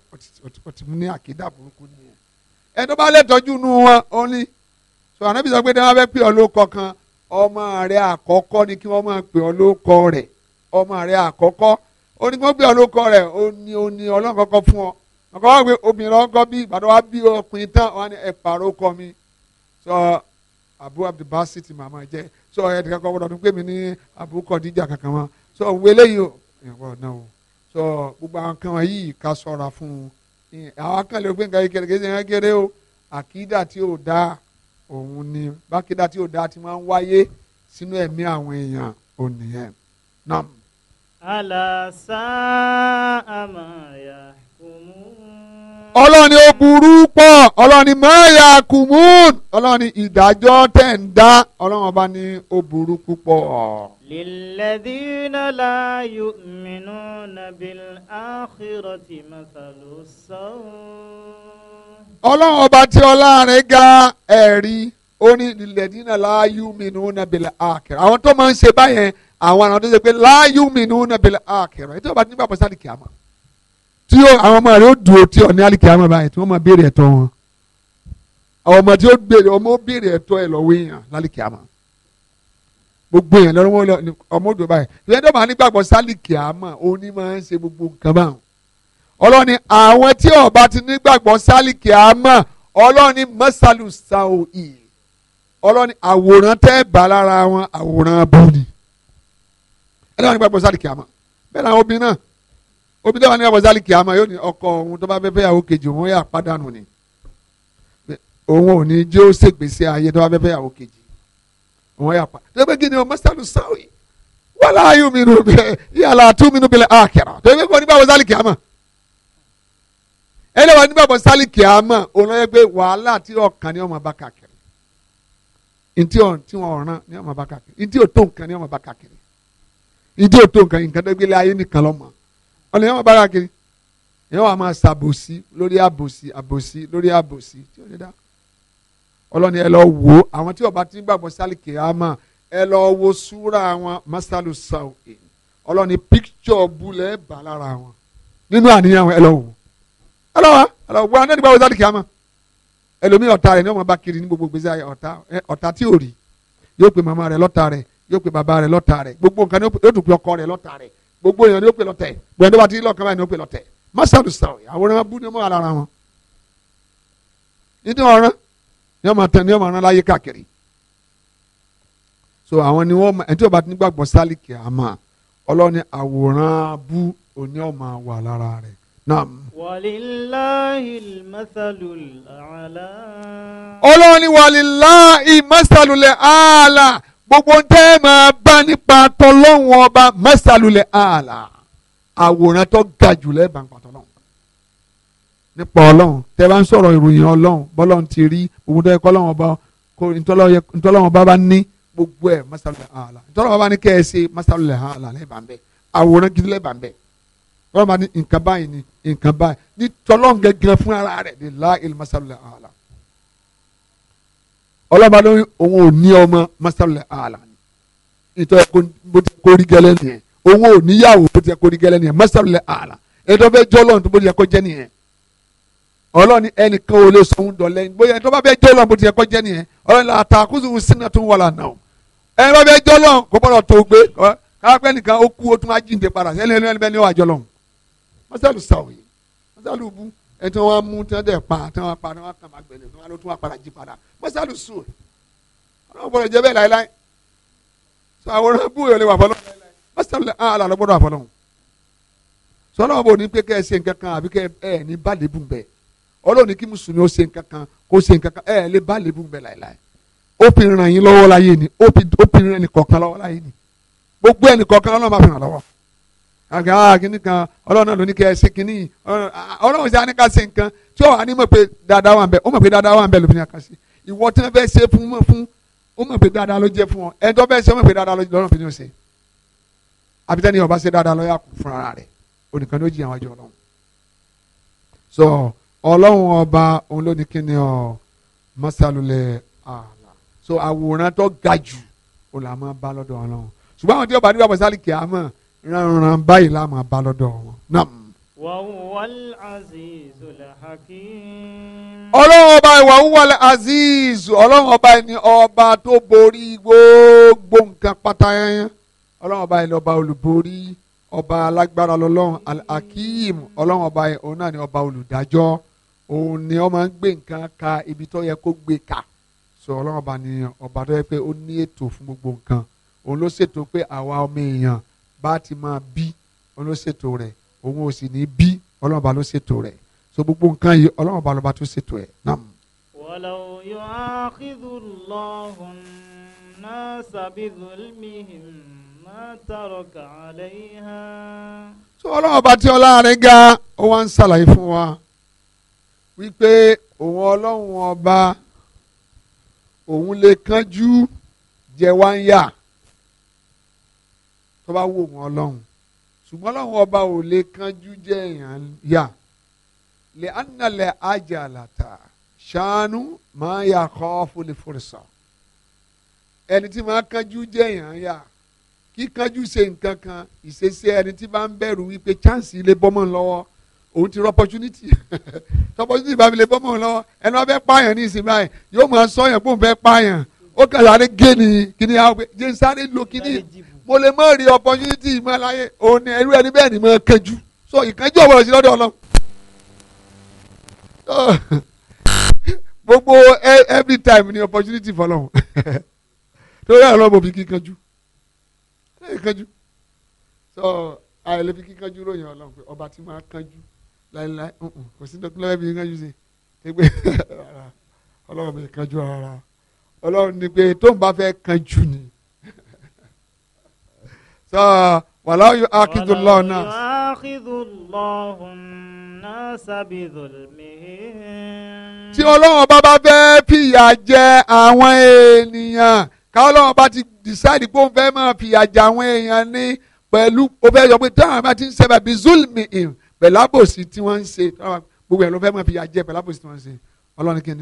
ó ti ní àkídà burúkú nìyẹn ẹ̀ tó bá lẹ́tọ́jú nù wọn ó ní so ànábì sọ pé dáná fẹ́ pè ọ́ lóko kan ọmọ rẹ àkọ́kọ́ ni kí wọ́n máa pè ọ́ lóko rẹ̀ ọmọ rẹ àkọ́kọ́ ó ní kí wọ́n pè ọ́ lóko rẹ̀ ó ní ó ní ọlọ́run kọ́kọ́ fún ọ ọkọ wọn pé obìnrin ọkọ bí ìgbàdo wa bí ọkùnrin tán wọn ni ẹ ọkọ mi sọ abu abdulbasit màmá jẹ sọ ẹ dìkan kọ́kọ́ ọdún pé mi ní abu kọ́díjà kankan wọn sọ òun eléyìí o ìwọ náà o sọ gbogbo àwọn kan wọn yìí ká ṣọ́ra fún un àwọn kan lè gbé nǹkan kékeré kékeré o àkídà tí ò dáa òun ni bákídá tí ò dáa ti máa ń wáyé sínú ẹ̀mí àwọn èèyàn òun nìyẹn náà. àlàsà àmàyà kùmùn. ọlọ́ni ó burú pọ̀ ọlọ́ni mọ́ọ̀yà kùmùn ọlọ́ni ìdájọ́ tẹ̀ ń dá ọlọ́run ọba ni ó burú púpọ̀. للذين لا يؤمنون بالآخرة مثل السوء ọlọ́run ọba tí ọláàrin ga ẹ̀rí oní ìlẹ̀dínà láàyù mìíràn nàbẹ̀lẹ̀ àkẹrẹ àwọn tó máa ń ṣe báyẹn àwọn àwọn tó ṣe pé láàyù mìíràn nàbẹ̀lẹ̀ àkẹrẹ ètò ọba tí nígbà pọ̀sí àlìkè àmọ́ tí àwọn ọmọ rẹ ó dùn ó tí ọ ní àlìkè àmọ́ báyìí tí wọ́n máa béèrè ẹ̀tọ́ wọn àwọn ọmọ tí ó béèrè ọmọ béèrè ẹ̀tọ́ ẹ̀ lọ́wọ́ èèyàn lálìkè àmọ́ ọlọ́run ni àwọn tí ọba ti nígbàgbọ́ sálìkì àmọ́ ọlọ́run ni mọ́sálù sàó ì ọlọ́run ni àwòrán tẹ́ bá lára wọn àwòrán bú ni ẹni wọn nígbàgbọ́ sálìkì àmọ́ bẹ́ẹ̀ náà obìnrin náà obìnrin náà nígbàgbọ́ sálìkì àmọ́ yóò ní ọkọ òun tó bá fẹ́ fẹ́ yàwó kejì òun yà pàdánù ni òun ò ní jẹ́ ó ṣègbésí ayé tó bá fẹ́ fẹ́ yàwó kejì òun yà pàdánù tó bá gé ni ọ mọ́sálù sàó ì wàlá ayé mi nù bẹ́ẹ̀ yàrá tó bá gbọ́ nígbàgbọ́ sálìkì àmọ́ ẹni wà nígbàgbọ́ sálì kìámà olóyè pé wàhálà tí ọkàn ni ọmọ bá kàkiri ntí ọ̀ tí wọn ọ̀ràn ni ọmọ bá kàkiri ntí òtó nǹkan ni ọmọ bá kàkiri ntí òtó nǹkan nǹkan tó gbélé ayé nìkan lọ́mọ ọ̀nà ni ọmọ bá kàkiri yẹn wà máa ṣàbòsí lórí àbòsí àbòsí lórí àbòsí tí ó lè dá ọlọ́ni ẹ lọ wo àwọn tí ọba ti ń gbàgbọ́ sálì kìámà ẹ lọ wo súra wọn masalu sawi ọlọ́ni píkítsọ̀ bulẹ̀ bà wọn nínú àníyàn ẹ lọ wò ọlọ́wà ọlọ́wà gbogbo àwọn ẹnìgbà wo sáré kìámà ẹlòmíì ọ̀tá rẹ̀ ni ọmọ bá kiri ní gbogbo gbèsè ayé ọ̀tá ọ̀tá tí ò rí yóò pe màmá rẹ̀ lọ́tá rẹ̀ yóò pe bàbá rẹ̀ lọ́tá rẹ̀ gbogbo nǹkan yóò tún pe ọkọ rẹ̀ lọ́tá rẹ̀ gbogbo èèyàn ni ó pe lọ́tẹ̀ gbogbo ẹni tó bá ti lọ́ọ̀kan báyìí ni ó pe lọ́tẹ̀ masalu sàrò àwòrán wọn bú ni wọn wà lára wọn nítorí ọ̀ràn ni wọn máa ni wọn máa láyé káàkiri so àwọn ni wọn ẹni tí wọn bá ti nígbàgbọ́ sálíkì àmà ọlọ́ni àwòrán bú òní ọ̀ máa wà lára rẹ̀ náà ọlọ́run ni wàlíláì masalulẹ̀ ààlà gbogbo ń tẹ́ máa bá nípa tọ́lọ́hún ọba masalulẹ̀ ààlà àwòrán tó ga jù lẹ́bàá nípa tọ́lọ́hún nípa ọlọ́run tẹ́ bá ń sọ̀rọ̀ ìròyìn ọlọ́run bọ́lọ́run ti rí gbogbo tó yẹ kọ́lọ́run ọba kó ntọ́lọ́run ọba bá ní gbogbo ẹ̀ masalulẹ̀ ààlà ntọ́lọ́run ọba ní kẹ́ ẹ ṣe masalulẹ̀ ààlà lẹ́bàá ń bẹ́ àwòrán gidi lẹ́bàá ń bẹ́ wọ́n máa ní nǹkan báyìí ni nǹkan báyìí ní tọ́lọ́n gẹ́gẹ́ fún ara rẹ̀ ní láìl masalẹ̀ àlà ọlọ́mọ ló ń òun ò ní ọmọ masalẹ̀ àlà nítorí bó ti kó rí gẹ́lẹ́ nìyẹn òun ò níyàwó bó ti kó rí gẹ́lẹ́ nìyẹn masalẹ̀ àlà ètò bẹ́ẹ̀ jọ́ lọ́n tó bó ti yẹ kó jẹ́ nìyẹn ọlọ́ni ẹnìkan ò lè sọ̀hún dọ̀lẹ́ bóyá ẹni bá bẹ́ẹ̀ jọ́ lọ́n bó ti yẹ kó jẹ́ nìyẹn ọlọ́ni la ta kúzùn sínú tó ń wọlà náà ẹni bá bẹ́ẹ̀ jọ́ lọ́n kó bọ́dọ̀ tó gbé káwá pẹ́ mọ́sálù sàwé mọ́sálù bú ẹni tí wọ́n mú tí wọ́n dẹ̀ pa tí wọ́n pa tí wọ́n kàn máa gbẹ̀lẹ̀ tí wọ́n ló tún wá padà jí padà mọ́sálù sùn ọlọ́run gbọ́dọ̀ jẹ́ bẹ́ẹ̀ láéláé sọ àwòrán bú yòó lè wà fọlọ́ mọ́sálù àlà ló gbọ́dọ̀ wà fọlọ́ sọlọ́wọ́n bò ní pé kẹ́ ẹ ṣe nǹkan kan àbí kẹ́ ẹ ní bá lè bùn bẹ́ẹ̀ ọlọ́run ní kí mùsùlùmí ó ṣe nǹkan kan kó ṣe nǹkan kan ẹ lè bá lè bùn bẹ́ẹ̀ láéláé ó fi ràn yín lọ́wọ́ àgbà wa ah, kìíní kan ọlọ́run náà ló ní kẹ́ ẹ ṣe kìíní yìí ah, ọlọ́run ṣe àníkà ṣe nǹkan tí ó wà ní mọ̀ pé dáadáa wà ń bẹ̀ ó mọ̀ pé dáadáa wà ń bẹ̀ lóbi ní àkàṣe ìwọ tán fẹ́ ṣe fún mọ̀ fún ó mọ̀ pé dáadáa ló jẹ́ fún ọ ẹni tó fẹ́ ṣe ó mọ̀ pé dáadáa ló lọ́rùn fi ọ̀sẹ̀ àbí ọba ṣe dáadáa lọ́yà kù fún ara rẹ̀ onìkan ló jìyàn wájú ọlọ́run so ọlọ́run ọba òun ló ní kíni ọ masalulẹ̀ ààlà so àwòrán tó ga jù ó là máa bá lọ́dọ̀ ọlọ́run ṣùgbọ́n àwọn tí ọba nígbà pọ̀ sálì kìá mọ̀ ìrànràn báyìí la máa wọn. ọlọ́run ọba wàhùwàl aziz ọlọ́run ọba ni ọba tó borí gbogbo nǹkan pátá yẹn ọlọ́run ọba ni ọba olùborí ọba alágbára lọ́lọ́run alhakim ọlọ́run ọba yẹn òun náà ni ọba olùdájọ́ òun ni ó máa ń gbé nǹkan ka ibi tó yẹ kó gbé ka sọ ọlọ́run ọba ni ọba tó yẹ pé ó ní ètò fún gbogbo nǹkan òun ló ṣètò pé àwa ọmọ èèyàn bá ti máa bí wọn ló ṣètò rẹ̀ òun ò sì ní bí ọlọ́run bá ló rẹ̀ so gbogbo nǹkan yìí ọlọ́run bá ló bá tó ṣètò ẹ̀ náà. walaw yu'akhidhullahu an-nasa bi-dhulmihim ma taraka 'alayha. so ọlọ́run bá tí ọlá rẹ̀ ga ó wá ń ṣàlàyé fún wa wípé òun ọlọ́run ọba òun lè kánjú jẹ wá ń yà tó bá wò wọn lọ́hùn ṣùgbọ́n lọ́hùn ọba ò lè kanjú jẹ́ èèyàn yá lè ànàlẹ̀ àjàlàtà ṣàánú máa yà kọ́ fúlifúrisà ẹni tí máa kanjú jẹ́ èèyàn yá kíkanjú ṣe nǹkan kan ìṣesí ẹni tí bá ń bẹ̀rù wípé chance ilé bọ́mọ̀ lọ́wọ́ òun ti rí opportunity (laughs) opportunity bá mi lè bọ́mọ̀ lọ́wọ́ ẹni wọ́n fẹ́ pààyàn ní ìsinmi báyìí yóò máa sọ yẹn pé òun fẹ́ pààyàn ó kàn sáré gé ni kíni àwọn jẹ́ sáré lo kíni mo lè mọ rí opportunity mọ láyé òun ni irú ẹni bẹ́ẹ̀ ni mo kẹjú so ìkánjú ọ̀gbọ̀n sí lọ́dọ̀ ọlọ́run (laughs) gbogbo e, every time ni opportunity fọlọ́run (laughs) torí àwọn ọmọ òbí kíkanjú kíkanjú so àìlè fi kíkanjú ròyìn ọlọ́run pé ọba tí máa kanjú láéláé kò sí dọ́kítà lọ́wọ́ bí kíkanjú sí pé (laughs) ọlọ́run mi kanjú rárá ọlọ́run ni pé tó ń bá fẹ́ kanjú ni sọ wàlá yóò ákìdù lọ́wọ́ náà. wàlá yóò ákìdù lọ́wọ́ náà sábìdùlmí. tí ọlọ́run bá bá fẹ́ fìyà jẹ àwọn ènìyàn káwọn ọlọ́run bá ti decide pé òun fẹ́ máa fìyà jẹ àwọn èèyàn ní pẹ̀lú ó fẹ́ pé táwọn bá ti ń sẹ́fà bíi zulmi im pẹ̀lú àbòsí tí wọ́n ń ṣe gbogbo ẹ̀ ló fẹ́ máa fìyà jẹ pẹ̀lú àbòsí tí wọ́n ń ṣe ọlọ́run kí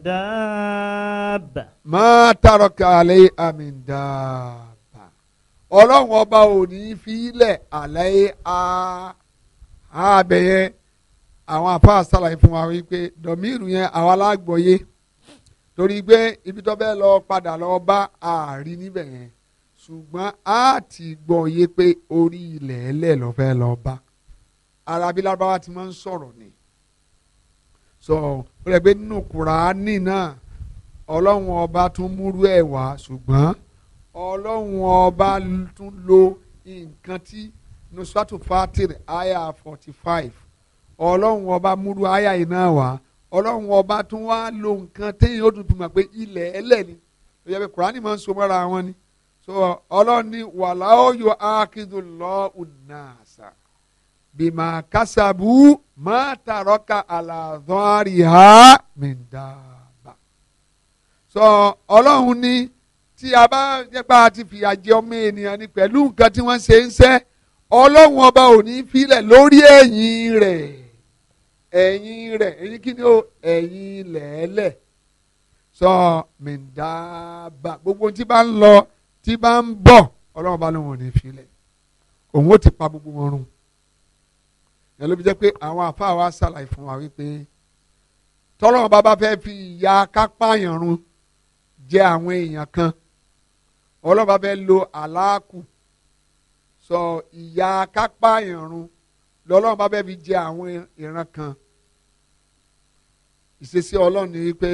من دابة ما ترك عليها من دابة ọlọ́run ọba ò ní fi ilẹ̀ àlẹ́ àbẹ̀yẹ àwọn àfáà ṣàlàyé fún wa wípé dọ̀míìrù yẹn àwa lágbọ̀ọ́yé torí pé ibi tó bẹ́ẹ̀ lọ padà lọ bá ààrí níbẹ̀ yẹn ṣùgbọ́n a ti gbọ́ọ́yé pé orí ilẹ̀ ẹlẹ́ lọ́ fẹ́ lọ bá arábí lárúbáwá ti máa ń sọ̀rọ̀ ni so ó rẹ̀ pé nínú kùránì náà ọlọ́run ọba tún múrú ẹ̀ wá ṣùgbọ́n ọlọ́run ọba tún lo nǹkan tí nusratu fatir aya forty five ọlọ́run ọba múrú aya yìí náà wá ọlọ́run ọba tún wá lo nǹkan téèyàn ó tuntun mọ̀ pé ilẹ̀ ẹlẹ́ni ó yẹ pé máa ń so mọ́ra wọn ni so ọlọ́run ní wàláwọ́ yóò ákíndùn lọ́ọ́ ùnàs bima kasabu ma taraka ala dhariha min daba. sọ ọlọ́run ní tí a bá nípa ti fìyà jẹ ọmọ ènìyàn ni pẹ̀lú nǹkan tí wọ́n ṣe ń ṣẹ́ ọlọ́run ọba ò ní filẹ̀ lórí ẹ̀yìn rẹ̀ ẹ̀yìn rẹ̀ ẹ̀yìn kí ni ó ẹ̀yìn lẹ́ẹ̀lẹ̀ sọ min gbogbo tí bá ń lọ tí bá ń bọ̀ ọlọ́run ọba lòun ò ní filẹ̀ òun ó ti pa gbogbo wọn run ẹ ló fi jẹ́ pé àwọn àfáà wa ṣàlàyé fún wa wípé tọ́lọ́mọ bàbá fẹ́ fi ìyà kápáyàn run jẹ àwọn èèyàn kan ọlọ́ba fẹ́ lo àlákù sọ ìyà kápáyàn run lọ́lọ́ba fẹ́ fi jẹ àwọn ìran kan ìṣesí ọlọ́run ni wípé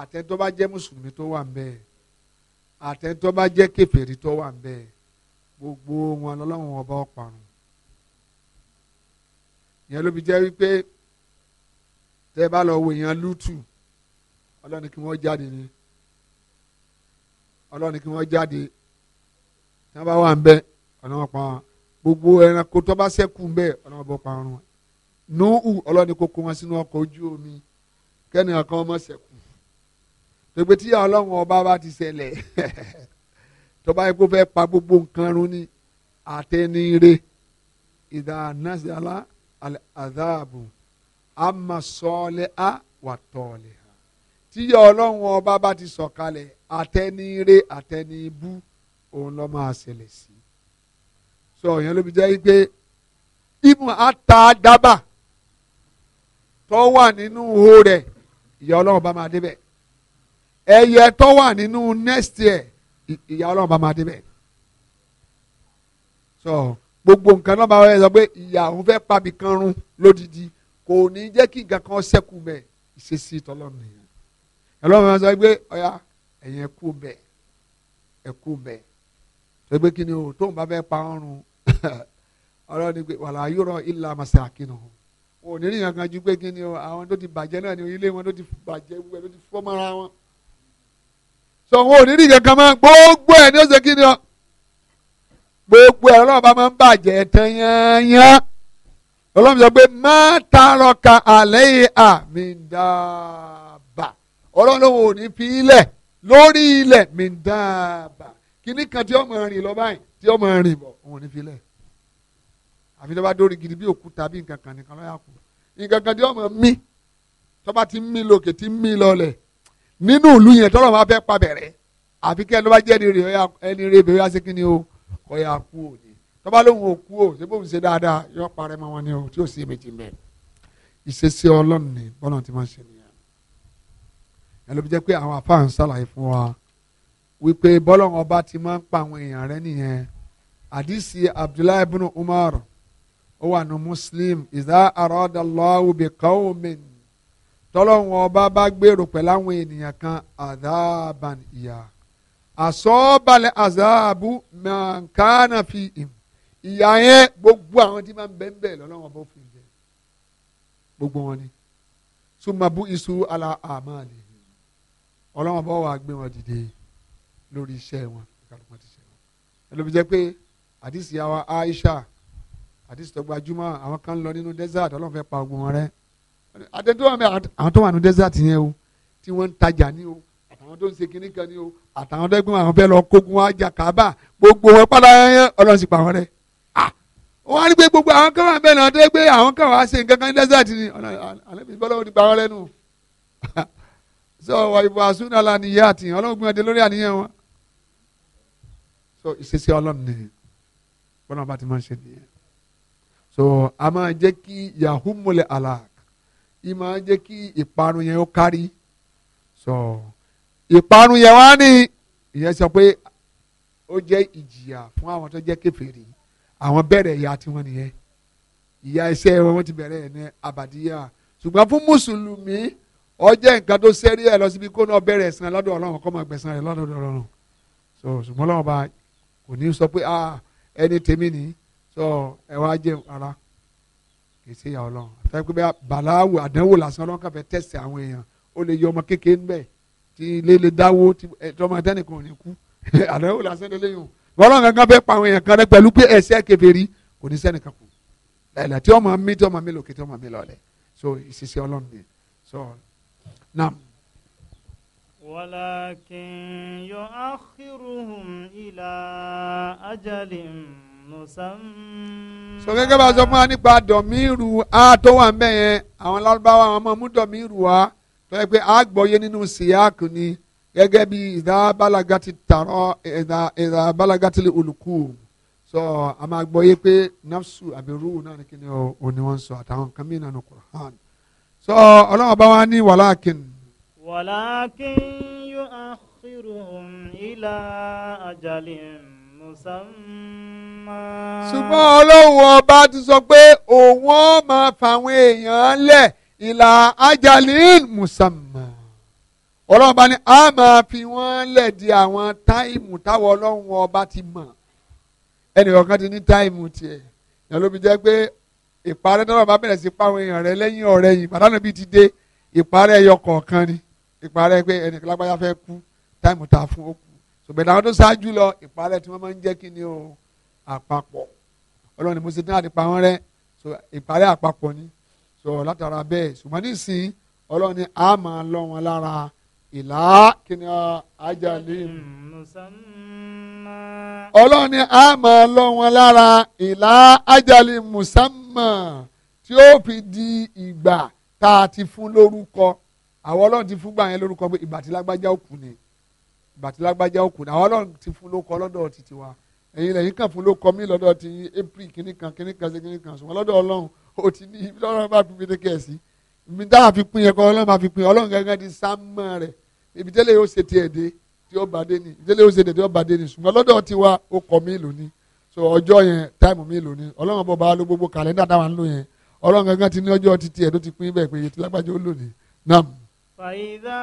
àtẹ̀tọ́ bá jẹ́ mùsùlùmí tó wà ńbẹ̀ àtẹ̀tọ́ bá jẹ́ kèfèrí tó wà ńbẹ̀ gbogbo wọn lọ́lọ́run ọba ọ̀parun ìyẹn ló fi jẹ́ wípé tẹ́ ẹ bá lọ wo èèyàn lútù ọlọ́ni kí wọ́n jáde ni ọlọ́ni kí wọ́n jáde tí wọ́n bá wà ń bẹ ọ̀nà wọn pa wọn gbogbo ẹranko tó bá ṣẹ́kù ń bẹ ọ̀nà wọn bọ̀ pa wọn wọn nùhù ọlọ́ni kó kó wọn sínú ọkọ̀ ojú omi kẹ́ni ọ̀kan ọmọ ṣẹ́kù gbogbo tí ọlọ́run ọba bá ti ṣẹlẹ̀ (laughs) tó bá yẹ kó fẹ́ pa gbogbo nǹkan run ni àtẹnire ìdá nàṣàlá àdáàbò amasọ́ọ́lẹ́ á wà tọ́ọ̀lẹ́ ha tíyẹ ọlọ́run ọba bá ti sọ̀kalẹ̀ àtẹnire àtẹnibú òun lọ́ máa ṣẹlẹ̀ sí sọ yẹn ló fi jẹ́ pé ibùn ata dábà tó wà nínú ihò rẹ̀ ìyà ọlọ́run bá máa débẹ̀ ẹyẹ tó wà nínú next year ìyà ọlọ́run bá máa débẹ̀ sọ. So, gbogbo nǹkan náà máa ń sọ pé ìyá òun fẹ́ pàbí kan run lódìdí kò ní jẹ́ kí nǹkan kan ṣẹ́kù bẹ́ẹ̀ ìṣesí tọ́lọ́run nìyẹn ẹlọ́run máa ń sọ pé ọ̀ya ẹ̀yìn ẹ̀kú bẹ́ẹ̀ ẹ̀kú bẹ́ẹ̀ sọ pé kí ni o tóun bá fẹ́ pa ọ̀run ọ̀rọ̀ ni pé wàlá yúrọ̀ ilà màsà kinu wọn ò ní nìyẹn kan ju pé kí ni o àwọn tó ti bàjẹ́ náà ni ilé wọn tó ti bàjẹ́ wẹ̀ tó ti fọ́ mọ́ra wọn sọ wọn ò ní nìyẹn kan máa gbogbo ẹ̀ ní ó kí ni o gbogbo ẹ̀ ọlọ́run bá máa ń bàjẹ́ tán yányán ọlọ́run sọ pé má tààrọ̀ ka àlẹ́ yìí àmì dáàbà ọlọ́run lòun ò ní fi ilẹ̀ lórí ilẹ̀ mi dáàbà kíní kan tí ọmọ rìn lọ báyìí tí ọmọ rìn bọ̀ òun ò ní fi ilẹ̀ àfi tó bá dórí gidi bí òkúta bí nǹkan kan nìkan lọ́yà kù nǹkan kan tí ọmọ mi tó bá ti ń lókè tí ń lọlẹ̀ nínú ìlú yẹn tọ́lọ́ máa fẹ́ pa bẹ̀rẹ̀ àfi kí ẹni bá jẹ́ ẹni rè ẹni rè bẹ̀rẹ̀ wá sí kíni o bóyá kú òní tọ́ba lóhùn ò kú ò ṣé bóun ṣe dáadáa yọ parẹ́ mọ́ wọn ni o tí ò sí èméjì mẹ́ ìṣesí ọlọ́run ni bọ́lá ti máa ń ṣe nìyẹn ẹ ló fi jẹ́ pé àwọn àfáà ṣàlàyé fún wa wípé bọ́lá ọba ti máa ń pa àwọn èèyàn rẹ nìyẹn àdìsí Abdullahi ibn Umar ó wà ní Muslim ìdá àròdàlọ́wù bí kọ́ọ̀mìn tọ́lọ́hùn ọba bá gbèrò pẹ̀láwọn ènìyàn kan àdáàbàn ìyá àsọ́balẹ̀ àzáàbù mọ̀nkánà fi ìm ìyá yẹn gbogbo àwọn tí máa ń bẹ́ẹ̀ bẹ́ẹ̀ lọ́lọ́wọ́n bó fi jẹ gbogbo wọn ni súnmọ́bù iṣu ala amali ọlọ́wọ́n bó wàá gbé wọn dìde lórí iṣẹ́ wọn kálukú ti ṣe wọn. ẹlòmí jẹ́ pé àdìsí àwa Aisha àdìsí tó gbajúmọ̀ àwọn kan lọ nínú desert ọlọ́run fẹ́ pa ogun wọn rẹ́ àtẹ̀tọ́ àwọn tó wà nínú desert yẹn o tí wọ́n ń tajà ní o àwọn tó ń ṣe kinní kan ni o àtàwọn dẹ́gbọ́n àwọn fẹ́ lọ kógun wá jà kábà gbogbo wọn padà yẹn ọlọ́run pa wọn rẹ. wọ́n á rí pé gbogbo àwọn kan wà bẹ́ẹ̀ náà tó gbé àwọn kan wàá ṣe nǹkan kan ní desert ni àlẹ́bí bọ́lọ́wọ́ ti pa (laughs) wọn lẹ́nu. sọ wà ìbò àsúná la nìyá àti ọlọ́run gbìyànjú dé lórí àníyàn wọn. sọ ìṣesí ọlọ́run ni bọ́lá bá ti máa ṣe nìyẹn. sọ a máa jẹ́ kí yahoo mọ̀lẹ́ àlà ì máa jẹ́ kí ìparun yẹn ó kárí. sọ so, ìparun yẹn wá ní ìyẹn sọ pé ó jẹ́ ìjìyà fún àwọn tó jẹ́ kèfèrí àwọn bẹ̀rẹ̀ ìyà tiwọn nìyẹn ìyà iṣẹ́ wọn ti bẹ̀rẹ̀ ní abàdíyà ṣùgbọ́n fún mùsùlùmí ó jẹ́ nǹkan tó sẹ́rí ẹ̀ lọ síbi kó náà bẹ̀rẹ̀ ẹ̀sìn lọ́dọ̀ ọlọ́run kọ́ máa gbẹ̀sán rẹ̀ lọ́dọ̀ ọlọ́run so ṣùgbọ́n ọlọ́run bá kò ní sọ pé ẹni tèmi ni so ẹ wá jẹ ara kì í ṣe ìyà ọlọ́run àtàkùn bẹ́ẹ̀ bàláwù àdánwò lásán ọlọ́run kàfẹ́ tẹ̀sí àwọn èèyàn ó lè yọ ọmọ kékeré níbẹ̀ tí ilé lè dáwó tí ọmọ tẹnìkan ò ní kú (laughs) àdáwò lásán lélẹ́yìn o bọ́lá kankan fẹ́ pa àwọn èèyàn kan rẹ pẹ̀lú pé ẹsẹ̀ kèfèrí kò ní sẹ́nìkan kù láìla tí ọmọ mi tí ọmọ mi lòkè tí ọmọ mi lọlẹ̀ so ìṣiṣẹ́ ọlọ́run ni so naam. walakin yu'akhiruhum ila ajalin musamman. so gẹ́gẹ́ bá a sọ fún wa nípa dọ̀míìrù a tó wà ń bẹ̀ yẹn àwọn lárúbáwá àwọn ọmọ mú dọ̀míìrù wa tọ́yẹ pé a nínú síyáàkù ni gẹ́gẹ́ bí ìdá bálaga ti tààrọ́ ìdá ìdá bálaga ti lè olùkú sọ a máa pé nafsu abiru náà ni kíni ò ní wọ́n sọ àtàwọn nǹkan mí nínú Qur'an sọ ọlọ́run bá wá ní wàlákin. wàlákin yu'akhiruhum ila ajalin musamma. ṣùgbọ́n ọlọ́run ọba ti sọ pé òun ó máa fàwọn èèyàn lẹ̀ ìlà ajalin musamma ọlọ́run bá ní a máa fi wọ́n lẹ̀ di àwọn táìmù táwọn ọlọ́run ọba ti mọ̀ ẹnì kọ̀ọ̀kan ti ní táìmù tiẹ̀ ìyá ló fi jẹ́ pé ìparẹ́ náà bá bẹ̀rẹ̀ sí páwọn èèyàn rẹ lẹ́yìn ọ̀rẹ́ yìí bàtà náà bí ti dé ìparẹ́ ẹyọ kọ̀ọ̀kan ni ìparẹ́ pé ẹnì lágbájá fẹ́ kú táìmù ta fún ó kú ṣùgbọ́n àwọn tó ṣáájú lọ ìparẹ́ tí wọ́n máa ń jẹ́ kí ni o àpapọ̀ ọlọ́run ni mo ṣe tán àti pa wọ́n ni sọ látara bẹ́ẹ̀ ṣùgbọ́n nísìnyí ọlọ́run ni a máa lọ wọn lára ìlà kíni àjálì ọlọ́run ni a máa lọ wọn lára ìlà àjálì musamma tí ó fi di ìgbà tá a ti fún lórúkọ àwọn ọlọ́run ti fún gbà yẹn lórúkọ pé ìgbà tí lágbájá òkú ni ìgbà tí lágbájá òkú ni àwọn ọlọ́run ti fún lórúkọ lọ́dọ̀ títí wa ẹ̀yin lẹ́yìn kan fún lórúkọ mi lọ́dọ̀ ti april kíní kan ṣe kíní kan ṣùgbọ́n lọ́dọ̀ ó (laughs) ti ní ibi tọ́lọ́run bá fi pété kẹ̀sí ibi tá a pín yẹn kọ́ ọlọ́run máa fi pín ọlọ́run gángan di sámọ́ rẹ̀ ibi tẹ́lẹ̀ yóò ṣe tiẹ̀ dé tí ó bá dé ni ibi tẹ́lẹ̀ yóò ṣe tiẹ̀ tí ó bá dé ni ṣùgbọ́n lọ́dọ̀ tiwa ó kọ́ mí lónìí so ọjọ́ yẹn táìmù mí lónìí ọlọ́run bọ̀ bá ló gbogbo kàlẹ́ndà táwa ń lò yẹn ọlọ́run gángan ti ní ọjọ́ títí ẹ̀ tó ti pín bẹ́ẹ̀ pé ètò lágbájá ó lónìí nam. فإذا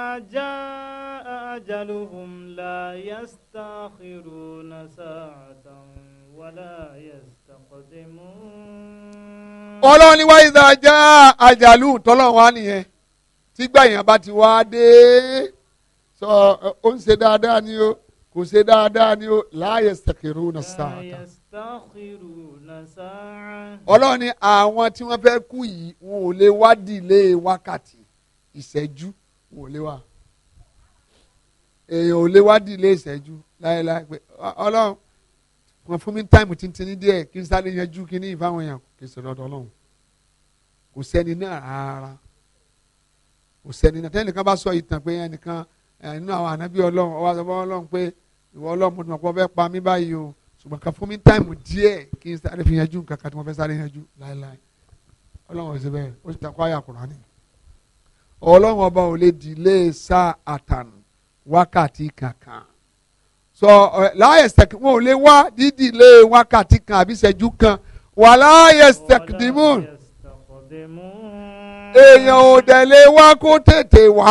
ọlọ́run ní wáyé ìdá ajá àjàlù tọ́lọ́run wá nìyẹn tígbà yẹn bá ti wá dé sọ ó ń ṣe dáadáa ni o kò ṣe dáadáa ni o láàyè sàkèrò na sáàtà. ọlọ́run ní àwọn tí wọ́n fẹ́ kú yìí wọn ò lè wá dìlé wákàtí ìṣẹ́jú wọn ò lè wá èèyàn ò lè wá dìlé ìṣẹ́jú láéláé pé ọlọ́run wọn fún mi táìmù tìǹtìǹ díẹ̀ kí n sáré yanjú kí ní ìfáwọn yàn kì í sọ̀rọ̀ ọ̀dọ̀ ọlọ́run kò sẹ́ni náà rárá kò sẹ́ni náà tẹ́nìkan bá sọ ìtàn pé ẹnìkan nínú àwọn ànábì ọlọ́run ọwọ́ àtọ́wọ́ ọlọ́run pé ìwọ ọlọ́run mo ti mọ̀ pé wọ́n fẹ́ pa mí báyìí o ṣùgbọ́n kan fún mi táìmù díẹ̀ kí n sáré fi yanjú nǹkan tí wọ́n fẹ́ sáré yanjú láéláé ọlọ́run ò sí bẹ́ẹ̀ ó sì takọ́ àyà kùránì ọlọ́run ọba ò lè dìlé sáà àtàn wákàtí kankan sọ eh, láyẹsẹk wọn ò lè wá dídì lé wákàtí kan àbí ìṣẹ́jú kan wà láyẹsẹk dìmú èèyàn ò dẹ̀ lè wá kó tètè wá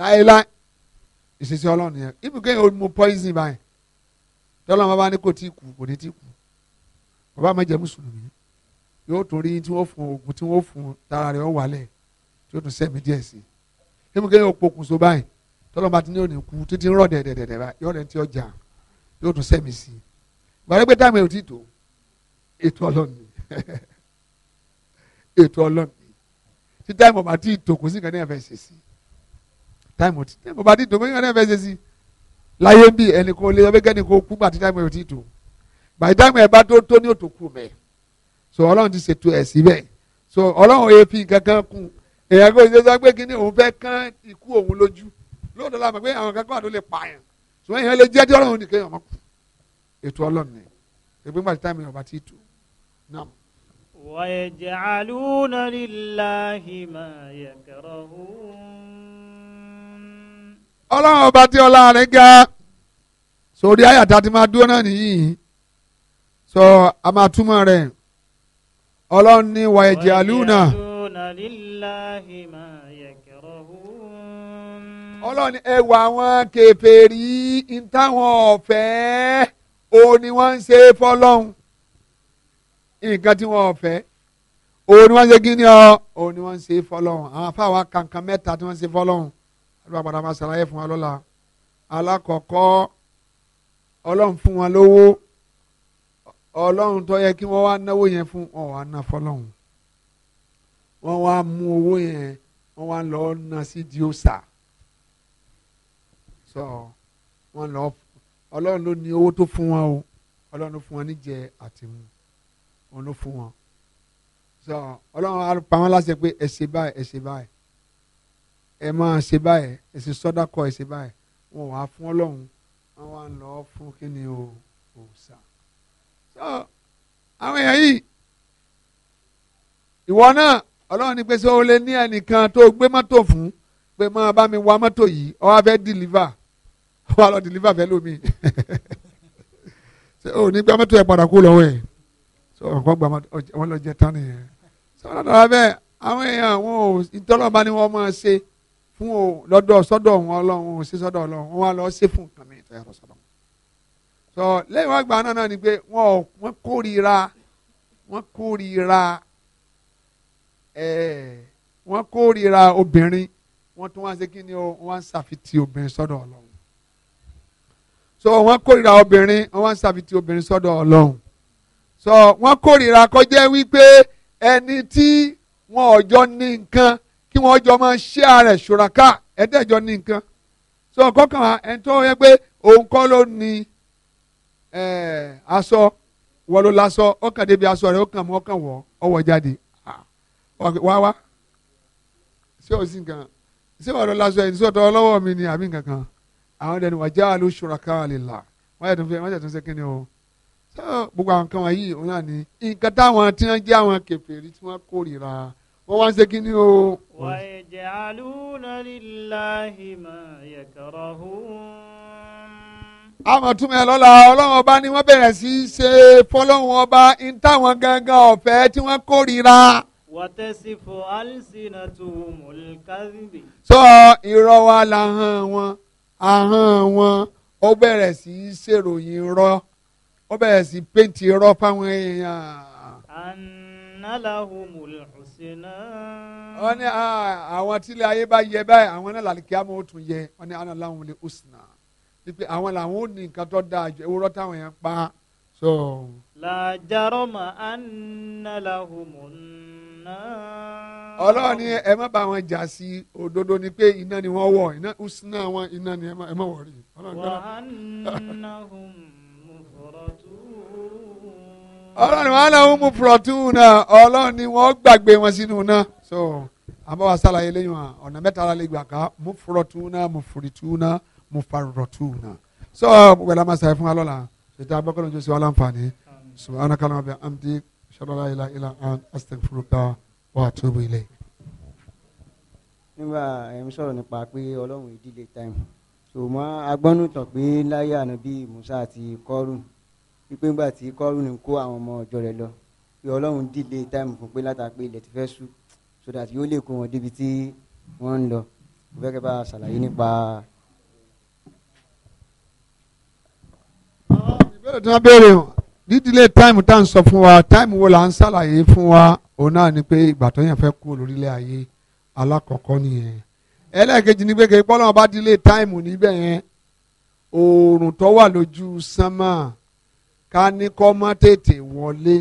láéláé ìṣesí ọlọ́run yẹn ibi kéèyàn ó mu poison báyìí tọ́lọ́ bàbá ní kò tí kú kò ní tí kú bàbá máa jẹ́ mùsùlùmí yóò tún rí tí wọ́n fún oògùn tí wọ́n fún tara rẹ̀ ó tí ó tún sẹ́mi díẹ̀ sí i ibi kéèyàn ó pokùnso báyìí tọ́lọ́mọ àti ní òní kú títí ń rọ̀ dẹ̀dẹ̀dẹ̀ bá yọ̀ọ́ lẹ́ni tí ó jà yóò tún sẹ́mi sí i bàrẹ́ pé táwọn èrò tí tó ètò ọlọ́ọ̀ni (laughs) ètò ọlọ́ọ̀ni tí táwọn ọba tí tó kò sí nǹkan náà fẹ́ ṣe sí táwọn ọba tí táwọn ọba tí tó kò sí nǹkan náà fẹ́ ṣe sí láyé bí ẹnì kò lè ọbẹ̀ kẹ́ni kò kú gbàtí táwọn èrò tí tó bàtí táwọn ẹ̀ bá tó tó ní òtò kù mẹ́ so ọlọ́run ti ṣètò ẹ̀ síbẹ̀ so ọlọ́run èéfín kankan kù èèyàn kò ṣe sọ pé kíní òun fẹ́ kán ikú òun lójú lóòótọ́ la mọ̀ pé àwọn kankan àdó lè pààyàn ṣùgbọ́n èèyàn lè jẹ́ tí ọlọ́run nìkan èèyàn mọ̀ ètò ọlọ́run ni ẹgbẹ́ gbàtí táìmì ọba ti tù náà. ويجعلون لله ما يكرهون ọlọ́run ọba tí ọlá rẹ̀ ga sórí àyàtà tí máa dúró náà nìyí sọ a máa túmọ̀ rẹ̀ ọlọ́run ní wàyẹ̀jẹ̀ àlùnà. ويجعلون لله ما ọlọ́run ẹwà àwọn kèfèrí ìtàwọn ọ̀fẹ́ òun ni wọ́n ń ṣe fọlọ́hún nǹkan tí wọ́n ọ̀fẹ́ o ni wọ́n ń ṣe gíní ọ òun ni wọ́n ń ṣe fọlọ́hún àwọn afáwa kankan mẹ́ta tí wọ́n ń ṣe fọlọ́hún àdúrà padà máa ṣàlàyé fún wa lọ́la alákọ̀ọ́kọ́ ọlọ́run fún wọn lówó ọlọ́run tó yẹ kí wọ́n wá náwó yẹn fún wọn wá ná fọlọ́hún wọ́n wá mú owó yẹn wọ́n wá lọ́ọ́ ná sí diósà. Si sọ wọn lọ ọlọ́run ló ní owó tó fún wọn o ọlọ́run ló fún wọn níjẹ àtìmú òun ló fún wọn sọ ọlọ́run apá wọn láṣẹ pé ẹ ṣe báyìí ẹ ṣe báyìí ẹ máa ṣe báyìí ẹ ṣe sọ́dá kọ ẹ ṣe báyìí wọn wàá fún ọlọ́run wọn wá ń lọ fún kíni o òòṣà sọ àwọn èèyàn yìí ìwọ náà ọlọ́run ní pé sọ ó lé ní ẹnìkan tó gbé mọ́tò fún pé máa bá mi wa mọ́tò yìí ọ wá fẹ́ dìlíva (laughs) wà lọ deliver fẹ́ lómi ò (laughs) ní gbà mọ́tò ẹ̀ padà kó lọ́wọ́ ẹ̀ so nǹkan gbà wọ́n lọ jẹ tán nìyẹn so wọ́n lọ́dọ̀ abẹ́ àwọn èèyàn wọn ò ìtọ́lọ́ba ni wọ́n máa ṣe fún o lọ́dọ̀ sọ́dọ̀ wọn ọlọ́run ò sí sọ́dọ̀ ọlọ́run wọn wá lọ ṣe fún nǹkan mi ìtọ́jà tó sọ́dọ̀ so lẹ́yìn wọn gbà náà ni pé wọ́n kórìíra wọ́n kórìíra ẹ̀ẹ́ wọ́n kórìíra obìnrin wọ́n tún wá ṣe kí ni o wọ́n ń ṣàfitì obìnrin sọ́dọ̀ ọlọ́run so wọ́n kórìíra obìnrin wọ́n ń ṣàfitì obìnrin sọ́dọ̀ ọlọ́run so wọ́n kórìíra kọjá wípé ẹni tí wọ́n ọjọ́ ní nǹkan kí wọ́n ọjọ́ máa ṣe ààrẹ ṣòraká ẹ̀ẹ́dẹ́jọ́ ní nǹkan so kọ́kàn ẹni tó yẹ pé òun kọ́ ló ní aṣọ wọ́n ló láṣọ ó kàn débi aṣọ rẹ̀ ó kàn mọ́ ọkàn wọ̀ ọwọ́ jáde wá wá ṣé o sì kàn ṣé wọ́n ló láṣọ ẹ̀ ní sọ́tọ̀ ọlọ́wọ́ mi ni àbí nǹkan kan àwọn dẹni wàjá alóṣùràká àlèlà wọ́n yàtọ̀ fẹ́ wọ́n yàtọ̀ fẹ́ kí ni o so gbogbo àwọn kan wọ̀nyí òun náà ni nǹkan táwọn tí wọ́n jẹ́ àwọn kèfèrí tí wọ́n kórìíra wọ́n wá ń ṣe kí ni o. wàjẹ́ alúnalíláhi máa yẹ kọ́rọ̀ hùn. àmọ̀ túmọ̀ ẹ̀ lọ́la ọlọ́run ọba ni wọ́n bẹ̀rẹ̀ sí í ṣe fọlọ́run ọba ń táwọn gangan ọ̀fẹ́ tí wọ́n kórìíra wàtẹ́sífò alìsínà tó ahọ́n wọn ó bẹ̀rẹ̀ sí í ṣèròyìn rọ́ ó bẹ̀rẹ̀ sí í péǹtì rọ́ fáwọn èèyàn. husna. wọ́n ní ah, àwọn tílé ayé bá yẹ báyìí àwọn náà làlùkí àmọ́ ó tún yẹ wọ́n ní annalahumul husna pípé àwọn làwọn ò ní nǹkan tó dáa ju ewúrọ́ táwọn yẹn pa. la jarama annalahumun nar ọlọ́run ni ẹ má bá wọn jà sí òdodo ni pé iná ni wọ́n wọ̀ iná usna wọn iná ni ẹ má wọ̀ rí. ọlọ́run wọn làwọn mú pùrọ̀tún náà ọlọ́run ni wọ́n gbàgbé wọn sínú náà so àbá wa sàlàyé lẹ́yìn wa ọ̀nà mẹ́ta la lè gbà ká mú pùrọ̀tún náà mú fùrìtún náà mú farọ̀tún náà so gbogbo la máa sàyẹ fún wa lọ́la ètò abọ́kọ́lọ́ ojú sí wa láǹfààní subhanaka wa bihamdik shalala ilaha illa ant astaghfiruka. وأتوب إليه nígbà ẹ̀ ń sọ̀rọ̀ nípa pé ọlọ́run ìdílé time ṣùgbọ́n agbọ́nùtàn pé láyé ànábì Musa àti kọ́rùn wípé ńgbà tí kọ́rùn ń kó àwọn ọmọ ọjọ́ rẹ̀ lọ pé ọlọ́run dílé time fún pé látàpé ilẹ̀ ti fẹ́ ṣú so that yóò lè kó wọn débi tí wọ́n ń lọ ìfẹ́kẹ́ bá ṣàlàyé nípa. ìbéèrè tí wọ́n béèrè hàn dídílé táìmù tá à ń sọ fún wa táìmù wo là ń ṣàlàyé fún wa òun náà ni pé ìgbà tó yàn fẹ́ kú lórílẹ̀ ayé alákọ̀ọ́kọ́ nìyẹn ẹlẹ́ẹ̀kejì ni pé kí Ọlọ́run bá dílé táìmù níbẹ̀ yẹn oòrùn tó wà lójú sánmà ká ní kó má tètè wọlé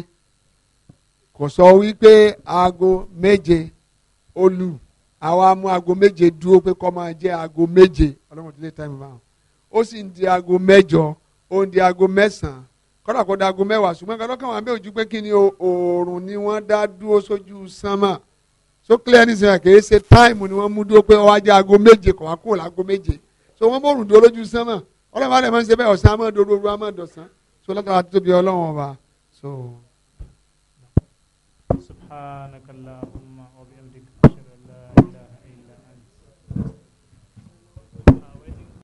kò sọ wípé aago méje ó lù àwa mú aago méje dúró pé kó máa jẹ́ aago méje Ọlọ́run dílé táìmù báwọn ó sì ń di aago mẹ́jọ ó ń di aago mẹ́sàn-án kọ́dà kó dagun mẹ́wàá ṣùgbọ́n nǹkan lọ́kàn wọn bẹ́ẹ̀ ojú pé kí ni oòrùn ni wọ́n dá dúró sójú sánmà so clear ní sinmi kìí ṣe táìmù ni wọ́n mú dúró pé wọ́n á jẹ́ aago méje kọ̀ wá kúrò láago méje so wọ́n bọ̀rùn dúró lójú sánmà ọlọ́run àdàmọ́ ń ṣe bẹ́ẹ̀ ọ̀sán àmọ́ dodo ru àmọ́ dọ̀sán so látara tóbi ọlọ́run ọba so. subhanakallahumma.